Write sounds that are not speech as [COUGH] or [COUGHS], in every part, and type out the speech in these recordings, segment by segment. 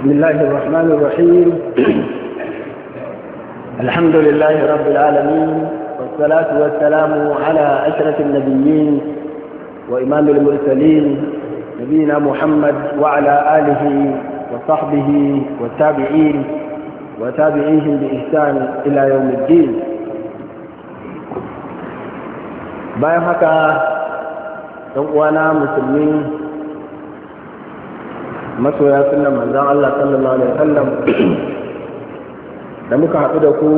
بسم الله الرحمن الرحيم [CLEARS THROAT] الحمد لله رب العالمين والصلاة والسلام على أشرف النبيين وإمام المرسلين نبينا محمد وعلى آله وصحبه والتابعين وتابعيهم بإحسان إلى يوم الدين bayan haka ɗan uwana masoya sunan manzan Allah sallallahu alaihi wasallam da muka haɗu da ku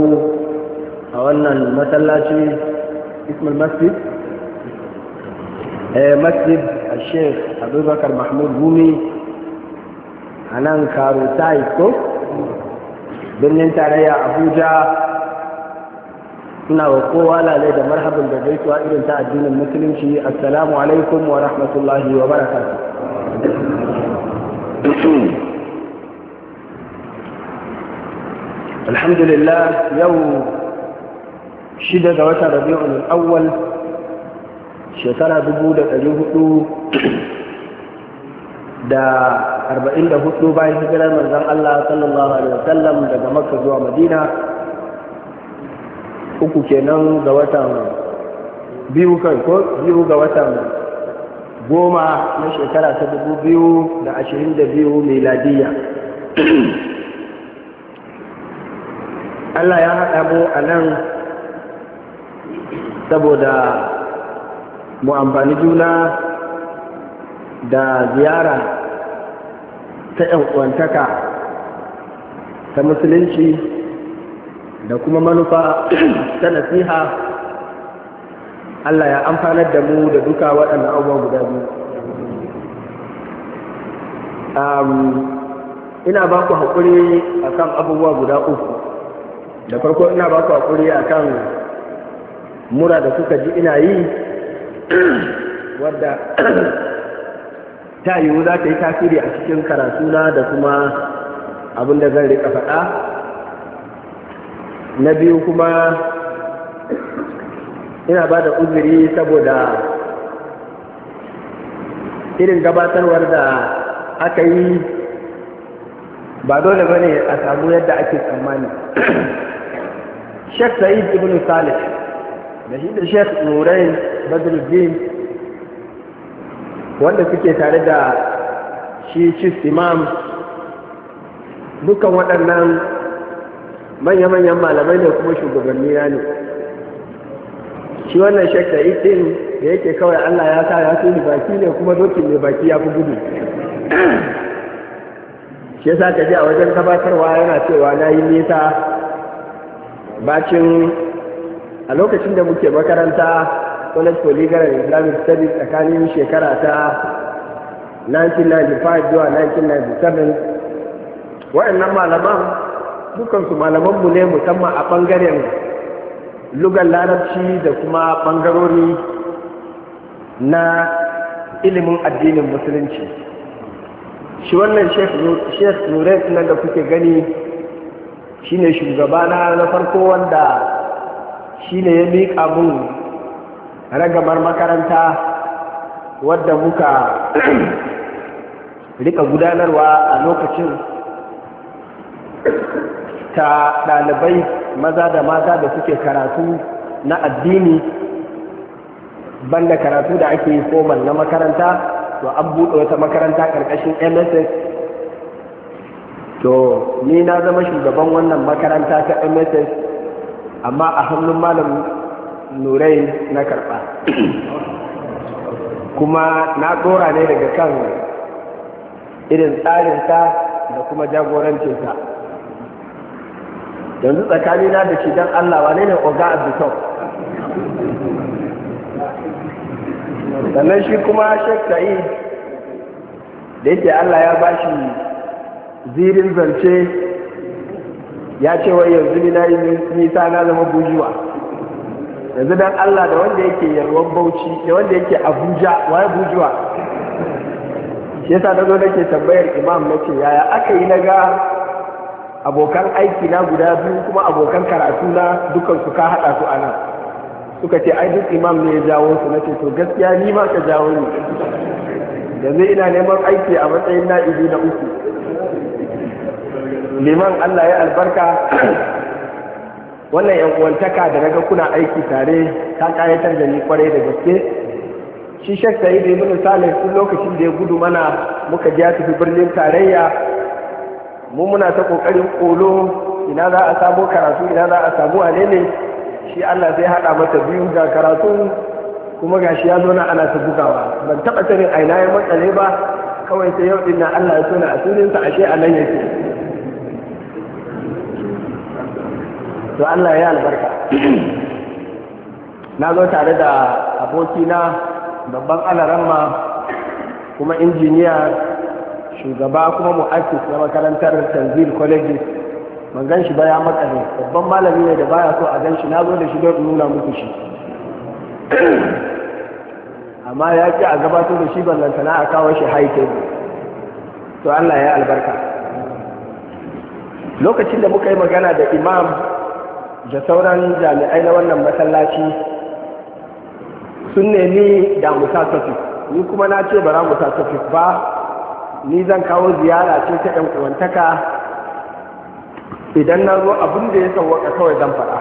a wannan masallaci ismul masjid eh masjid al-sheikh abubakar mahmud gumi a nan karu ko birnin tarayya abuja ina wa kowa lalai da marhaban da gaisuwa irin ta addinin musulunci assalamu alaikum wa rahmatullahi wa barakatuh mutum alhamdulillah yau shida ga wata rabi'ul awwal shekara dubu da ɗari hudu da arba'in da hudu bayan hijirar manzan Allah sallallahu alaihi wasallam daga makka zuwa madina uku kenan ga watan biyu kai ko biyu ga watan goma na shekara ta dubu biyu da ashirin da biyu mai Ladiya. Allah ya haɗa mu a nan saboda mu amfani juna da ziyara ta uwantaka ta musulunci da kuma manufa ta nasiha Allah ya amfanar da mu da duka waɗannan abubuwa guda biyu ina ba ku haƙuri a kan abubuwa guda uku da farko ina ba ku haƙuri a kan mura da suka ji ina yi [CLEARS THROAT] wadda ta yiwu za ta yi tasiri a cikin karatuna da kuma abin da zan riƙa faɗa na biyu kuma ina ba da uzuri saboda irin gabatarwar da aka yi ba dole ba ne a samu yadda ake tsammani [CLEARS THROAT] Sheikh Sa'id ibn Salih da shi da Sheikh Nurain Badruddin wanda suke tare da shi Chief Imam dukkan waɗannan manya-manyan malamai ne kuma shugabanni ne shi wannan shakka itin da yake kawai Allah ya sa ya tuni baki ne kuma dokin mai baki ya fi gudu shi yasa ka ji a wajen gabatarwa yana cewa na yi nesa. bacin a lokacin da muke makaranta college for legal and islamic studies tsakanin shekara ta 1995 zuwa 1997 waɗannan malaman dukansu malamanmu ne musamman a ɓangaren lugar larabci da kuma ɓangarori na ilimin addinin musulunci shi wannan shek nurek nan da kuke gani shine shugabana na farko wanda shine ya miƙa mun ragamar makaranta wadda muka [CLEARS THROAT] rika gudanarwa a lokacin ta ɗalibai maza da mata da suke karatu na addini banda karatu da ake yi formal na makaranta to an buɗe wata makaranta ƙarƙashin mss to ni na zama shugaban wannan makaranta ta mss amma a hannun malam nurai na karɓa [COUGHS] kuma na ɗora ne daga kan irin tsarinsa da kuma jagorancinsa yanzu tsakanina da shi don Allah wane ne oga abdusau sannan shi kuma shek sa'id da yake Allah ya ba shi zirin zance ya ce wai yanzu ni na yi nisa na zama bujiwa. yanzu don Allah da wanda yake yalwan bauchi da wanda yake abuja waye bujiwa shi yasa da zo nake tambayar imam na yaya aka yi na ga abokan aiki na guda biyu kuma abokan karatu na dukan su ka haɗa su a suka ce ai duk imam ne ya jawo su na to gaskiya ni ma ka jawo ni yanzu ina neman aiki a matsayin na'ibi na uku liman Allah ya albarka [CLEARS THROAT] wannan yan uwantaka da naga kuna aiki tare ta kayatar da ni kwarai da gaske shi shek yi da ibn salih tun lokacin da ya gudu mana muka ji ya tafi birnin tarayya mu muna ta kokarin kolo ina za a samu karatu ina za a samu alele shi Allah zai hada mata biyu ga karatu kuma ga shi ya zo na ana ta bugawa ban taba sanin a ina ya matsale ba kawai sai yau din na Allah ya tona asirin sa ashe a nan yake to Allah ya albarka na zo tare da abokina babban alaramma kuma injiniya shugaba kuma mu'assis na makarantar tanzil college ban gan shi ba ya ne, babban malami ne da baya so a gan shi na zo da shi don nuna muku shi [CLEARS THROAT] amma ya ki a gabatar da shi ballantana a kawo shi high to Allah ya albarka lokacin da muka yi magana da imam da sauran jami'ai na wannan masallaci sun nemi da musa ni kuma na ce ba za mu sa ba ni zan kawo ziyara ce ta ɗan kuwantaka idan na zo abin da ya sauwaka kawai zan faɗa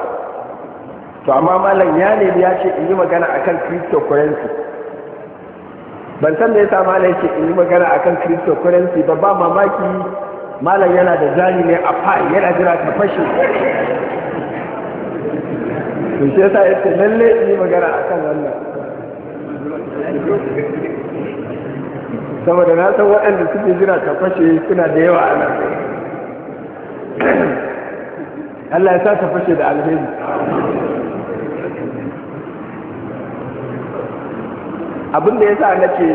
to amma malam ya nemi ya ce in yi magana a kan cryptocurrency ban san da ya sa malam ce in yi magana a kan cryptocurrency ba ba mamaki malam yana da zani ne a fa yana jira ta fashe to ce ya yace lalle in yi magana a kan wannan saboda na san waɗanda suke jira ka fashe suna da yawa a nan Allah ya sa ta fashe da alheri abin da ya sa na ce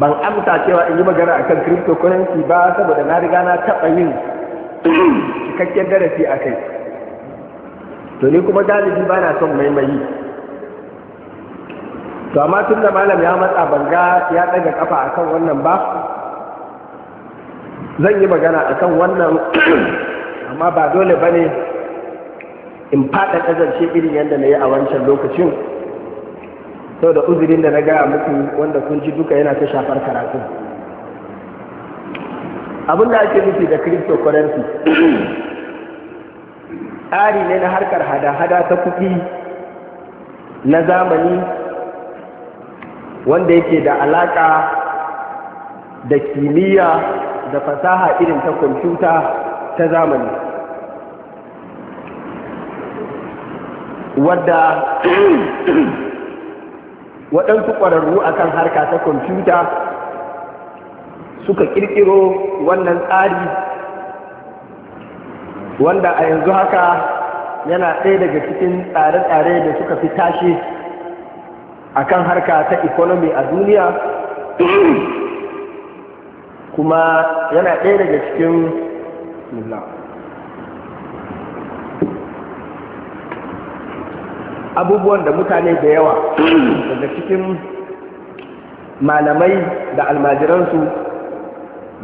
ban amsa cewa in yi magana a kan cryptocurrency ba saboda na riga na taɓa yin cikakken darasi a kai to ni kuma galibi ba na son maimayi to amma tun da malam ya matsa banga ya ɗaga kafa akan wannan ba zan yi magana akan wannan [CLEARS THROAT] amma ba dole ba ne in faɗa ƙazance irin yadda na yi a wancan lokacin sau da uzurin da na gaya muku wanda kun ji duka yana ta shafar karatu abin da ake nufi da cryptocurrency [CLEARS THROAT] tsari ne na harkar hada-hada ta kuɗi na zamani wanda yake da alaƙa da kimiyya da fasaha irin ta kwamfuta ta zamani wadda [CLEARS THROAT] waɗansu ƙwararru a kan harka ta kwamfuta suka ƙirƙiro wannan tsari wanda a yanzu haka yana ɗaya daga cikin tsare-tsare da suka fi tashe akan harka ta economy a duniya kuma yana ɗaya daga cikin abubuwan da mutane da yawa daga cikin malamai da almajiransu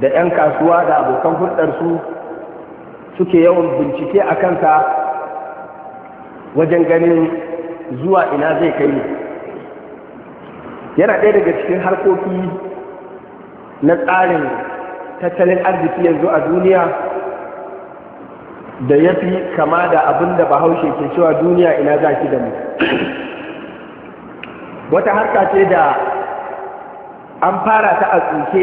da 'yan kasuwa da abokan hulɗarsu suke yawan bincike a kansa wajen ganin zuwa ina zai kai ne yana ɗaya daga cikin harkoki na tsarin tattalin arziki yanzu a duniya da ya fi kama da abin da bahaushe ke cewa duniya ina za ki da mu wata harka ce da an fara ta a tsuke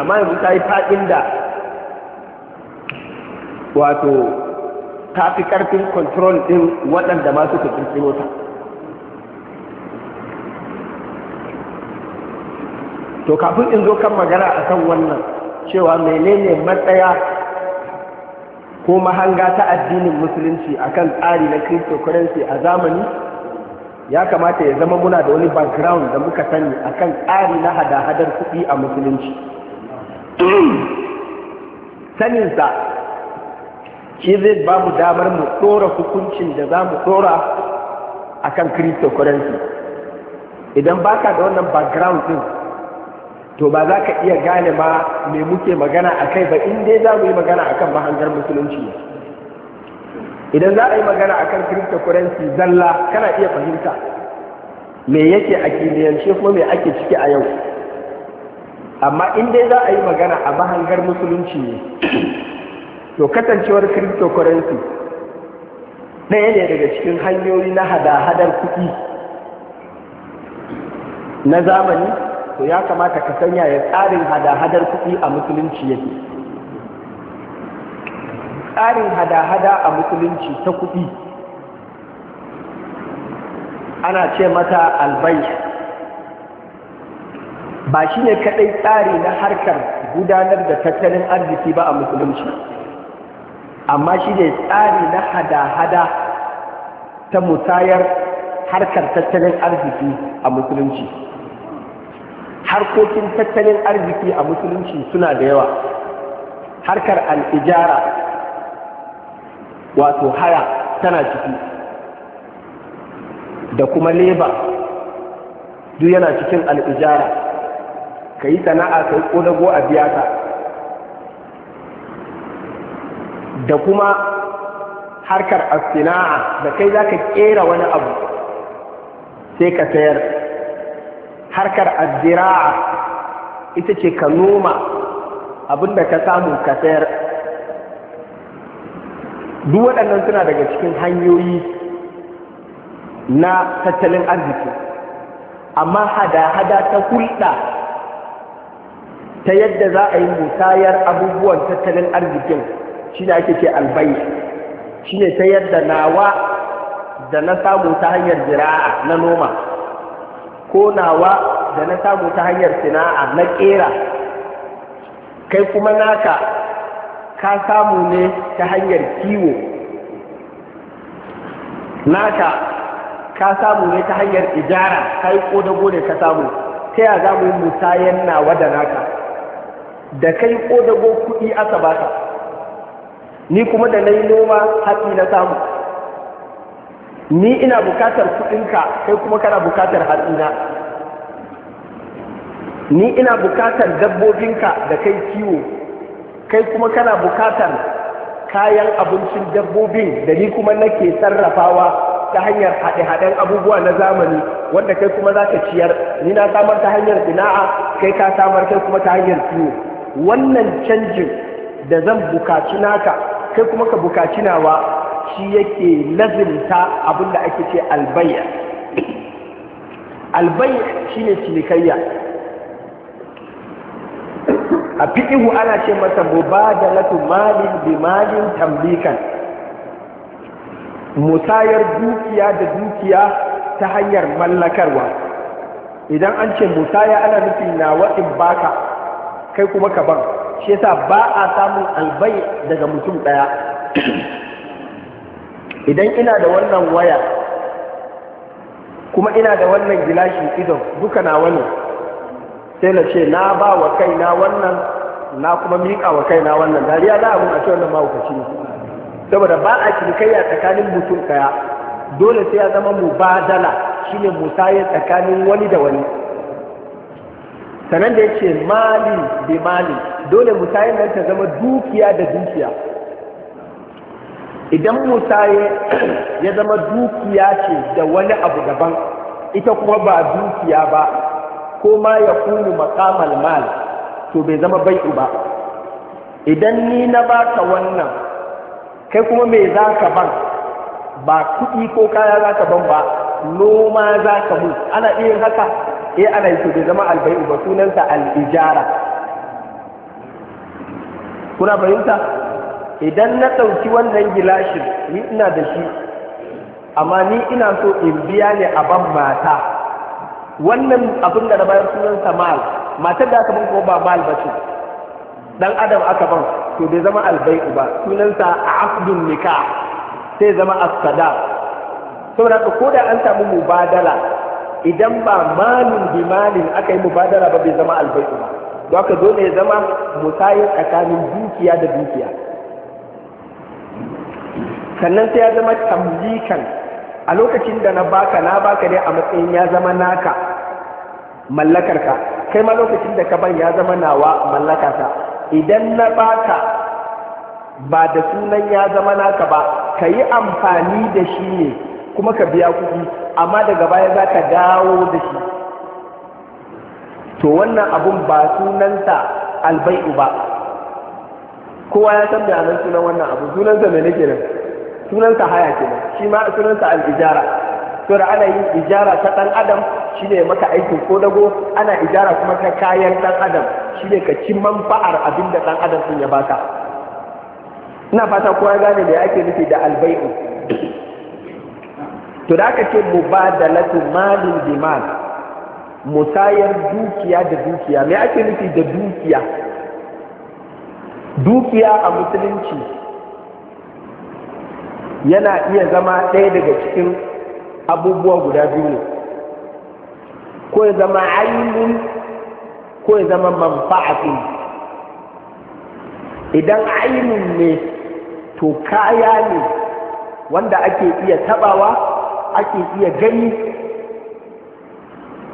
amma yanzu ta yi faɗin da wato ta fi ƙarfin kontrol ɗin waɗanda masu ta kirkiro to kafin in zo kan magana a kan wannan cewa menene matsaya ko mahanga ta addinin musulunci akan tsari na cryptocurrency a zamani ya kamata ya zama muna da wani background da muka sani akan tsari na hada-hadar kuɗi a musulunci saninsa shi zai ba mu damar mu ɗora hukuncin da za mu ɗora a kan cryptocurrency idan ba ka da wannan background to ba za ka iya gane ba me muke magana a kai ba in za mu yi magana a kan mahangar musulunci idan za a yi magana a kan cryptocurrency zalla kana iya fahimta me yake a kimiyance kuma me ake ciki a yau amma in za a yi magana a mahangar musulunci ne to kasancewar cryptocurrency ɗaya ne daga cikin hanyoyi na hada-hadar kuɗi na zamani to ya kamata ka sanya ya tsarin hada-hadar kuɗi a musulunci yake tsarin hada-hada a musulunci ta kuɗi ana ce mata albai ba shi ne kaɗai tsari na harkar gudanar da tattalin arziki ba a musulunci amma shi ne tsari na hada-hada ta musayar harkar tattalin arziki a musulunci harkokin tattalin arziki a musulunci suna da yawa harkar al'ijara wato haya tana ciki da kuma leba duk yana cikin al'ijara ka yi sana'a ka yi ƙodago a biyata da kuma harkar asina'a da kai za ka ƙera wani abu sai ka sayar harkar azzira'a ita ce ka noma abinda ka samu ka sayar duk waɗannan suna daga cikin hanyoyi na tattalin arziki amma hada-hada ta hulɗa ta yadda za a yi musayar abubuwan tattalin arzikin shi ne ake ce albai, shi ne ta yadda nawa da na samu ta hanyar jira'a na noma konawa da na samu ta hanyar sina'a na kera kai kuma naka ka samu ne ta hanyar kiwo naka ka samu ne ta hanyar ijara ka yi ƙodago ne ka samu ta yaya za mu yi musayen nawa da naka da kai ƙodago kuɗi aka baka ni kuma da na yi noma hatsi na samu ni ina bukatar kuɗinka kai kuma kana bukatar hatsina ni ina bukatar dabbobinka da kai kiwo kai kuma kana bukatar kayan abincin dabbobin da ni kuma nake sarrafawa ta hanyar haɗe-haɗen abubuwa na zamani wanda kai kuma za ka ciyar ni na samar ta hanyar ina'a kai ka samar kai kuma ta hanyar kiwo wannan canjin da zan bukaci naka kai kuma ka bukaci nawa shi yake lazimta abin da ake ce albayya albayya shi ne cinikayya a ihu ana ce masa mubadalatu malin bi malin tamlikan musayar dukiya da dukiya ta hanyar mallakarwa idan an ce musaya ana nufin na wa'in baka kai kuma ka ban shi yasa ba a samun albai daga mutum ɗaya idan ina da wannan waya kuma ina da wannan gilashin idon duka nawa ne sai na ce na ba wa kaina wannan na kuma miƙa wa kaina wannan dariya za a mun a ce wannan mahaukaci ne saboda ba a cinikayya tsakanin mutum kaya dole sai ya zama mu mubadala shine musayar tsakanin wani da wani sanan da ya ce mali da mali dole musayar nan ta zama dukiya da dukiya idan musaye ya zama dukiya ce da wani abu daban ita kuma ba dukiya ba ko ma ya kunu makamal mal to bai zama bai'u ba idan ni na baka wannan kai kuma me za ka ban ba kuɗi ko kaya za ka ban ba noma za ka mu ana iya haka eh ana yi to bai zama albai'u ba sunansa al'ijara kuna fahimta idan na ɗauki wannan gilashin ni ina da shi amma ni ina so in biya ne a ban mata wannan abin da na bayar sunansa mal matar da aka ban kuma ba mal ba ce dan adam aka ban to bai zama albai'u ba sunansa a afdun nika sai zama asada saboda ko da an samu mubadala idan ba malin bi malin aka yi mubadala ba bai zama albai'u ba don haka dole ya zama musayin tsakanin dukiya da dukiya sannan sai ya zama tamlikan a lokacin da na baka na baka ne a matsayin ya zama naka mallakarka kai ma lokacin da ka ban ya zama nawa ta idan na baka ba da sunan ya zama naka ba ka yi amfani da shi ne kuma ka biya kuɗi amma daga baya za ka dawo da shi to wannan abun ba sunanta albai'u ba kowa ya san da sunan wannan abu sunanta mai nake nan sunansa haya kenan shi ma sunansa al-ijara to da ana yin ijara ta dan adam shine maka aikin ko dago ana ijara kuma ta kayan dan adam shine ka ci manfa'ar abin da dan adam sun ya baka ina fata kowa gane me ake nufi da albai'u to da aka ce mubadalatu malin bi mal musayar dukiya da dukiya me ake nufi da dukiya dukiya a musulunci yana iya zama ɗaya daga cikin abubuwa guda biyu ne ko ya zama ainihin ko ya zama manfa'afin idan ainihin ne to kaya ne wanda ake iya tabawa ake iya gani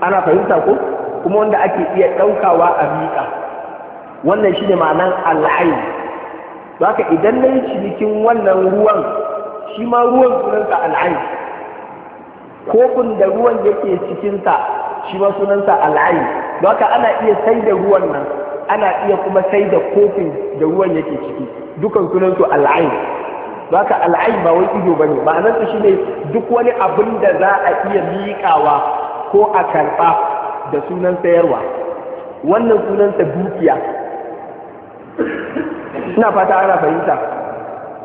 ana fahimta ko kuma wanda ake iya ɗaukawa a miƙa wannan shi ne ma'anan ba ka idan na yi cinikin wannan ruwan shi ma ruwan sunansa al'ain kofin da ruwan yake cikinsa shi ma sunansa al'a'i. don haka ana iya sai da ruwan nan ana iya kuma sai da kofin da ruwan yake ciki dukan sunanta al'a'i. don haka al'a'i ba wai ido ba bane ma'anarsa ne duk wani abin da za a iya miƙawa ko a karɓa da sunan sayarwa wannan sunansa dukiya ina fata ana fahimta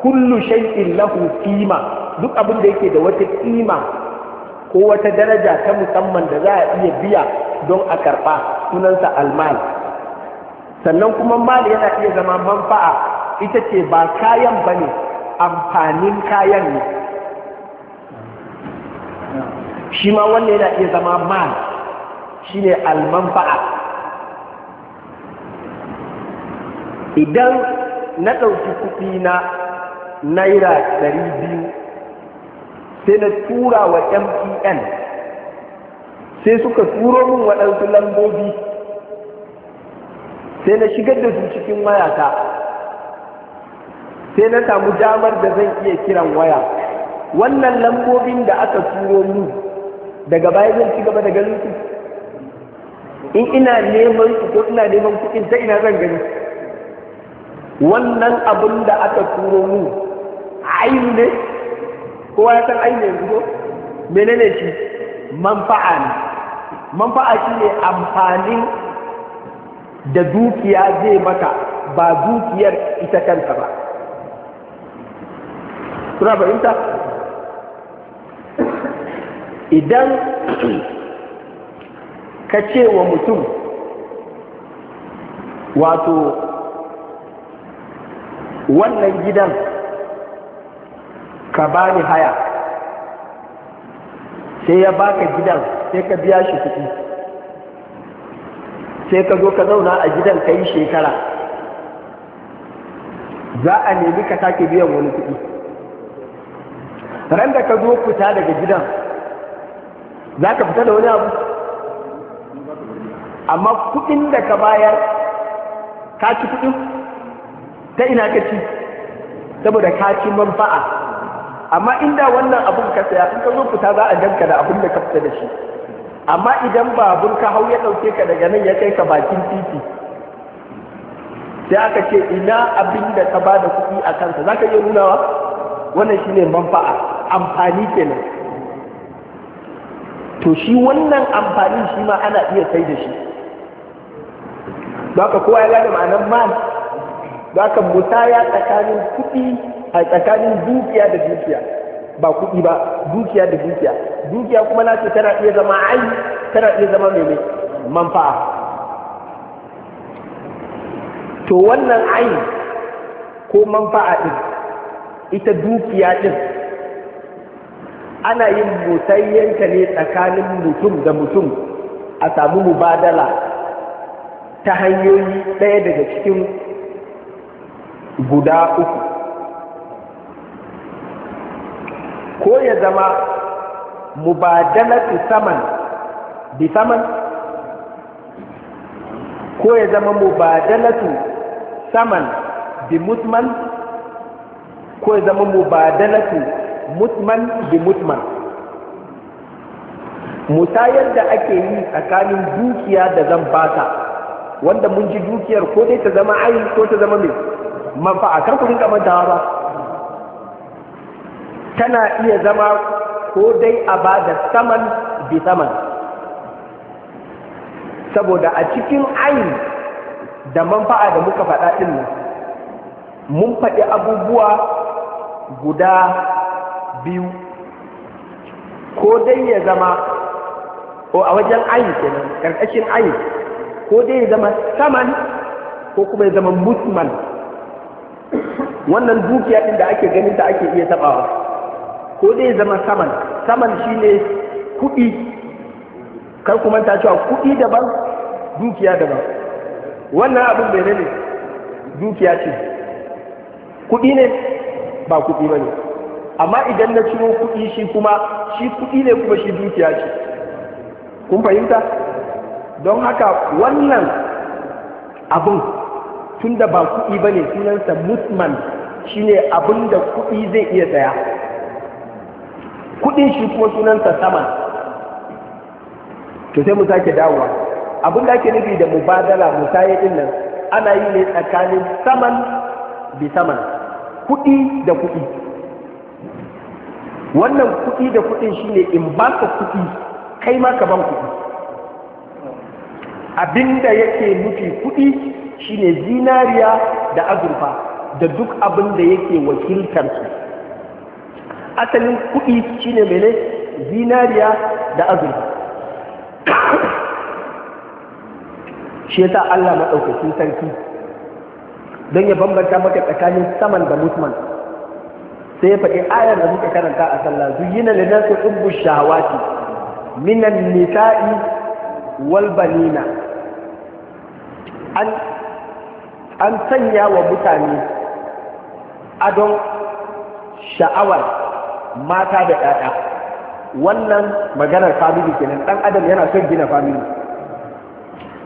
kullu shay'in lahu qima duk abin da yake da wata qima ko wata daraja ta musamman da za a iya biya don a karba sunansa almal sannan kuma mal yana iya zama manfa'a ita ce ba kayan bane amfanin kayan ne shi ma wannan yana iya zama mal shine almanfa'a idan na ɗauki kuɗi na naira dari biyu sai na tura wa mpn sai suka turo min waɗansu lambobi sai na shigar da su cikin wayata sai na samu damar da zan iya kiran waya wannan lambobin da aka turo min daga baya zan ci gaba da ganin su in ina neman su ko ina neman kuɗin ta ina zan gani wannan abin da aka turo min ainu ne kowa ya san ainu ko menene shi manfa'a ne manfa'a shi ne amfanin da dukiya zai maka ba dukiyar ita kanta ba kuna fahimta idan [CLEARS THROAT] ka ce wa mutum wato wannan gidan ka ba ni haya sai ya baka gidan sai ka biya shi kuɗi sai ka zo ka zauna a gidan ka yi shekara za a nemi ka sake biyan wani kuɗi ran da ka zo fita daga gidan za ka fita da wani abu amma kuɗin da ka bayar ka ci kuɗin ta ina ka ci saboda ka ci manfa'a amma inda wannan abun ka saya in ka zo fita za a ganka da abun da ka fita da shi amma idan ba babur ka hau ya ɗauke ka daga nan ya kai ka bakin titi sai aka ce ina abin da ka ba da kuɗi a kansa za ka iya nunawa wannan shine manfa'a amfani kenan to shi wannan amfani shi ma ana iya sai da shi ba ka kowa ya gane ma'anar man ba ka musaya tsakanin kuɗi a tsakanin dukiya da dukiya ba kuɗi ba dukiya da dukiya dukiya kuma na ce tana iya zama ai tana iya zama mai manfa'a to wannan ai ko manfa'a din ita dukiya ɗin, ana yin musayyanka ne tsakanin mutum da mutum a samu mubadala ta hanyoyi ɗaya daga cikin guda uku ko ya zama mubadalatu saman bi saman ko ya zama mubadalatu saman bi mutman ko ya zama mubadalatu mutman bi mutman musayar da ake yi tsakanin dukiya da zan bata wanda mun ji dukiyar ko dai ta zama ayi ko ta zama mai manfa'a kar ku rinka mantawa ba tana iya zama ko dai a ba da saman bi saman saboda a cikin ayin da manfa'a da muka faɗa ɗin nan mun faɗi abubuwa guda biyu ko dai ya zama ko a wajen ayin kenan ƙarƙashin ayin ko dai ya zama saman ko kuma ya zama musman wannan dukiya ɗin da ake ganin ta ake iya taɓawa ko dai zama saman saman shine kuɗi kar ku manta cewa kuɗi daban dukiya daban wannan abin bai ne dukiya ce kuɗi ne ba kuɗi ba ne amma idan na ciro kuɗi shi kuma shi kuɗi ne kuma shi dukiya ce kun fahimta don haka wannan abin tun da ba kuɗi ba ne sunansa musman shine abin da kuɗi zai iya tsaya kudin shi ko sunanta sama to sai mu sake dawowa abin da ake nufi da mubadala musaye din nan ana yi ne tsakanin saman bi saman kudi da kudi wannan kudi da kudin ne in ba ka kudi kai ma ka ban kudi da yake nufi kudi ne zinariya da azurfa da duk abin da yake wakiltar su asalin kuɗi shine mene zinariya da azurfa shi yasa Allah maɗaukakin sarki don ya bambanta maka tsakanin saman da musman sai ya faɗi ayar da muka karanta a sallah zuyina lin nasi hubbu shahawati minan nisa'i wal an an sanya wa mutane adon sha'awar mata da ƴaƴa wannan maganar family kenan ɗan adam yana son gina family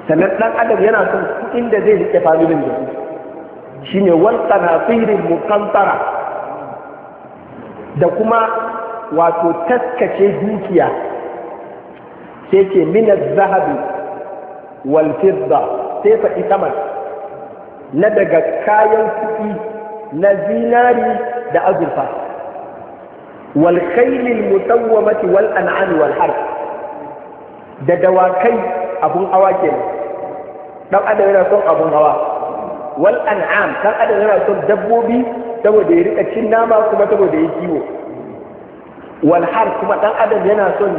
sannan dan adam yana son kuɗin da zai rike familin da su shine wal qanatirin muqantara da kuma wato taskace dukiya sai ce mina zahabi wal fidda sai faɗi saman na daga kayan kuɗi na zinari da azurfa wal khaylil musawwamati wal an'am wal da dawakai abun hawa kenan dan adam yana son abun hawa wal an'am dan adam yana son dabbobi saboda ya rika cin nama kuma saboda ya kiwo wal harb kuma dan adam yana son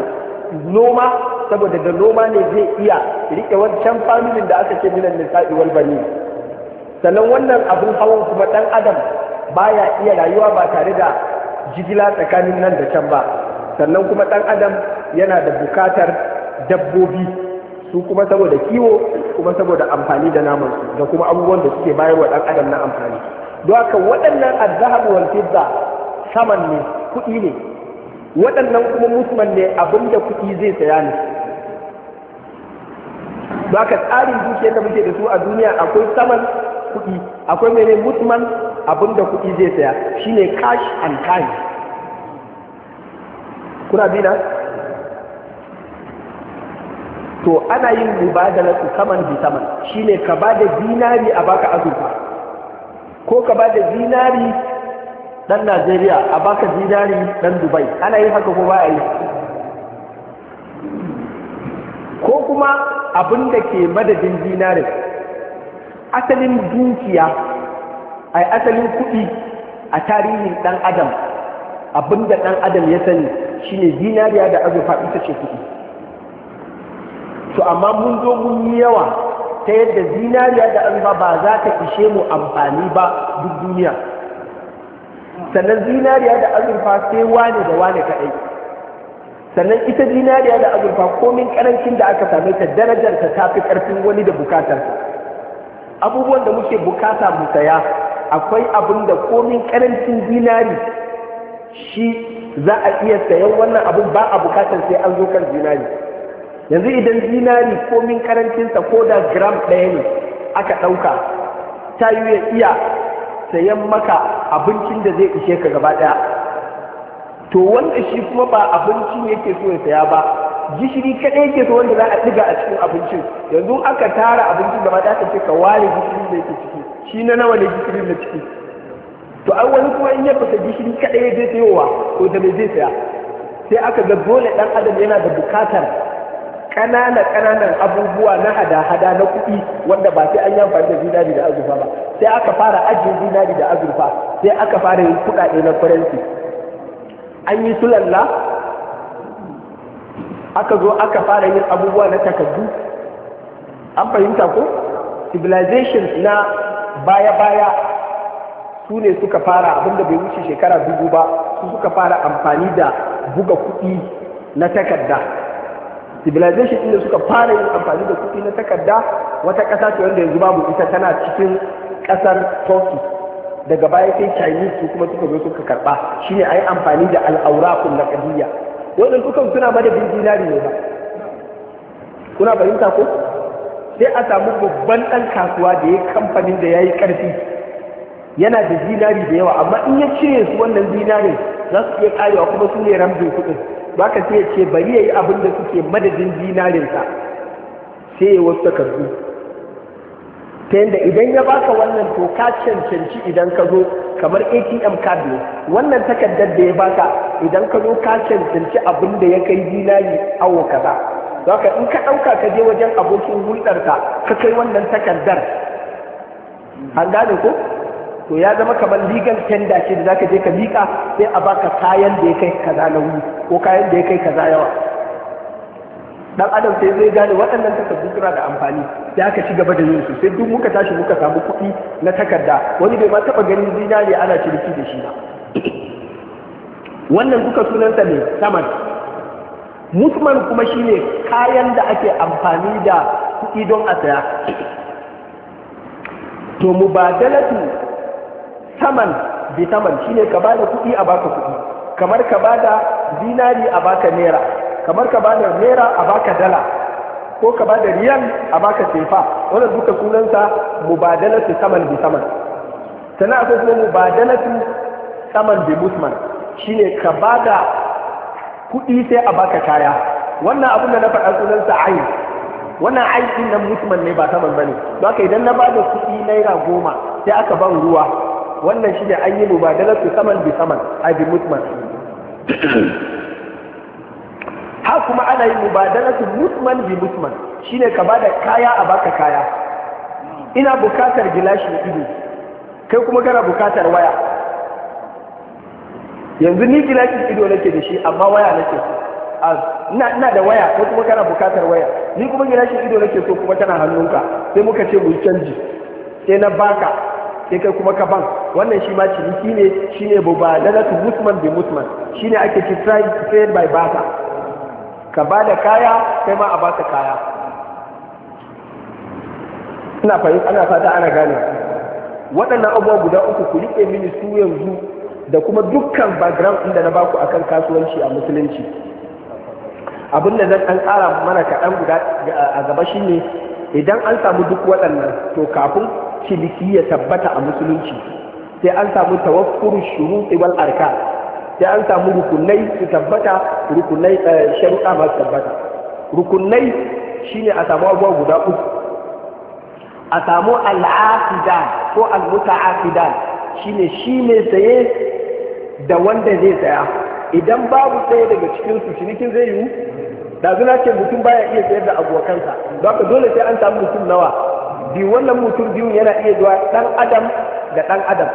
noma saboda da noma ne zai iya rike wancan familin da aka ce minan nisa'i wal bani sannan wannan abun hawan kuma dan adam baya iya rayuwa ba tare da jigila tsakanin nan da can ba sannan kuma ɗan adam yana da bukatar dabbobi su kuma saboda kiwo kuma saboda amfani da su da kuma abubuwan da suke bayan wa ɗan adam na amfani don haka waɗannan azhab wal fidda saman ne kuɗi ne waɗannan kuma musman ne abin da kuɗi zai saya ne don haka tsarin dukiyar da muke da su a duniya akwai saman kuɗi akwai mene musman abin da kuɗi zai saya shine cash and time kuna bi na to ana yin mubadala su saman bi saman shine ka ba da zinari a baka azurfa ko ka ba da zinari dan Najeriya a baka zinari ɗan Dubai ana yin haka ko ba a yi ko kuma abin da ke madadin zinarin asalin dukiya ai asalin kuɗi a tarihin ɗan adam abinda ɗan adam ya sani shine zinariya da azurfa ita ce kuɗi to amma mun zo mun yi yawa ta yadda zinariya da azurfa ba za ta ishe mu amfani ba duk duniya sannan zinariya da azurfa sai wane da wane kaɗai sannan ita zinariya da azurfa komin karancin da aka same ta darajar ta tafi ƙarfin wani da bukatarsa abubuwan da muke bukata mu saya akwai abin da komin karancin zinari shi za a iya sayan wannan abin ba a bukatar sai an zo kan zinari yanzu idan zinari komin karancinsa ko da gram ɗaya ne aka ɗauka ta yi ya iya sayan maka abincin da zai ishe ka gaba ɗaya to wanda shi kuma ba abincin yake so ya saya ba gishiri kaɗai yake so wanda za a ɗiga a cikin abincin yanzu aka tara abincin gaba ɗaya ka ce ka ware gishiri da yake ciki shi na nawa ne gishirin da ciki to an wani kuma in ya fita gishiri kaɗai zai sayowa ko da mai zai saya sai aka ga dole ɗan adam yana da bukatar ƙananan ƙananan abubuwa na hada-hada na kuɗi wanda ba sai an yi amfani da zinari da azurfa ba sai aka fara ajiye zinari da azurfa sai aka fara yin kuɗaɗe na faransi an yi lalla? aka zo aka fara yin abubuwa na takardu an fahimta ko civilization na baya-baya su ne suka fara abinda bai wuce shekara dubu ba su suka fara amfani da buga kuɗi na takarda civilization inda suka fara yin amfani da kuɗi na takarda wata ƙasa ce wanda yanzu babu ita tana cikin ƙasar turkey daga baya sai chinese su kuma suka zo suka karɓa shine a yi amfani da al'aurakun na ƙadiyya waɗanda suna madadin dinari ne ba kuna fahimta ko sai a samu babban ɗan kasuwa da ya kamfanin da ya yi ƙarfi yana da zinari da yawa amma in ya cire su wannan zinari za su iya ƙarewa kuma su ne ramjin kuɗin ba ka sai ya ce bari ya yi abin da suke madadin zinarinsa sai ya wasu takardu ta yadda idan ya baka wannan to ka cancanci idan ka zo kamar atm card ne wannan takardar da ya baka idan ka zo ka cancanci abin da ya kai zinari awo kaza Zaka in ka ɗauka ka je wajen abokin hulɗarka ka kai wannan takardar an gane ko to ya zama kamar legal tender ce da zaka je ka miƙa sai a baka kayan da ya kai kaza na wuri ko kayan da ya kai kaza yawa dan adam sai zai gane waɗannan takardu suna da amfani ya aka ci gaba da yin su sai duk muka tashi muka samu kuɗi na takarda wani bai ma taɓa ganin zinare ana ciniki da shi ba wannan duka sunansa ne saman musman kuma shine kayan da ake amfani da kuɗi don a saya to mu ba dalatu saman bi saman shine ka bada kuɗi a baka kuɗi kamar ka bada zinari a baka naira kamar ka bada naira a baka dala ko ka bada riyal a baka sefa wannan duka sunansa mubadalatu saman bi saman sannan akwai kuma mubadalatu saman bi musman shine ka bada kuɗi sai a baka kaya wannan abin da na faɗa sunansa ai wannan aikin na nan mutumin ne ba saman bane don haka idan na ba kuɗi naira goma sai aka ban ruwa wannan shi ne an yi mubadala su saman bi saman a bi mutumin [CLEARS THROAT] ha kuma ana yi mubadala su mutumin bi mutumin shi ne ka ba da kaya a baka kaya ina bukatar gilashin ido kai kuma kana bukatar waya yanzu ni gilashin ido nake da shi amma waya nake so ina da waya ko kuma kana bukatar waya ni kuma gilashin ido nake so kuma tana hannunka sai muka ce mu canji sai na baka sai kai kuma ka ban wannan shi ma ciniki ne da su musman bi musman ne ake ci "Try pay by barter ka ba da kaya kai ma a baka kaya ina fahimta ana fata ana gane waɗannan abubuwa guda uku ku riƙe mini su yanzu da kuma dukkan background inda na baku akan kasuwanci a musulunci abin da an tsara mana kaɗan guda a gaba shi ne idan an samu duk waɗannan to kafin ciniki ya tabbata a musulunci sai an samu tawakkuru shuru wal arka sai an samu rukunai su tabbata rukunai eh, sharuɗa masu tabbata rukunai shine a samu abuwa guda uku a samu al'afidan ko al-muta'afidan shine shi ne saye da wanda zai saya idan babu saye daga cikin su cinikin zai yiwu da zuna ce mutum baya iya sayar da abokansa ba ka dole sai an samu mutum nawa Bi wannan mutum biyu yana iya zuwa dan adam da dan adam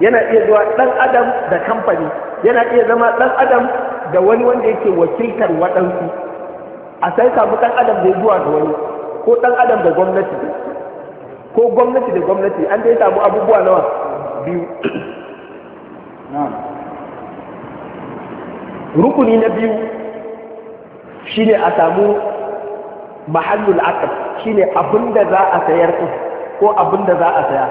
yana iya zuwa dan adam da kamfani yana iya zama dan adam da wani wanda yake wakiltar waɗansu a sai samu dan adam da zuwa da wani ko dan adam da gwamnati ko gwamnati da gwamnati an dai samu abubuwa nawa biyu rukuni na biyu shi ne a samu mahallul shi ne abinda za a sayar ko abinda za a saya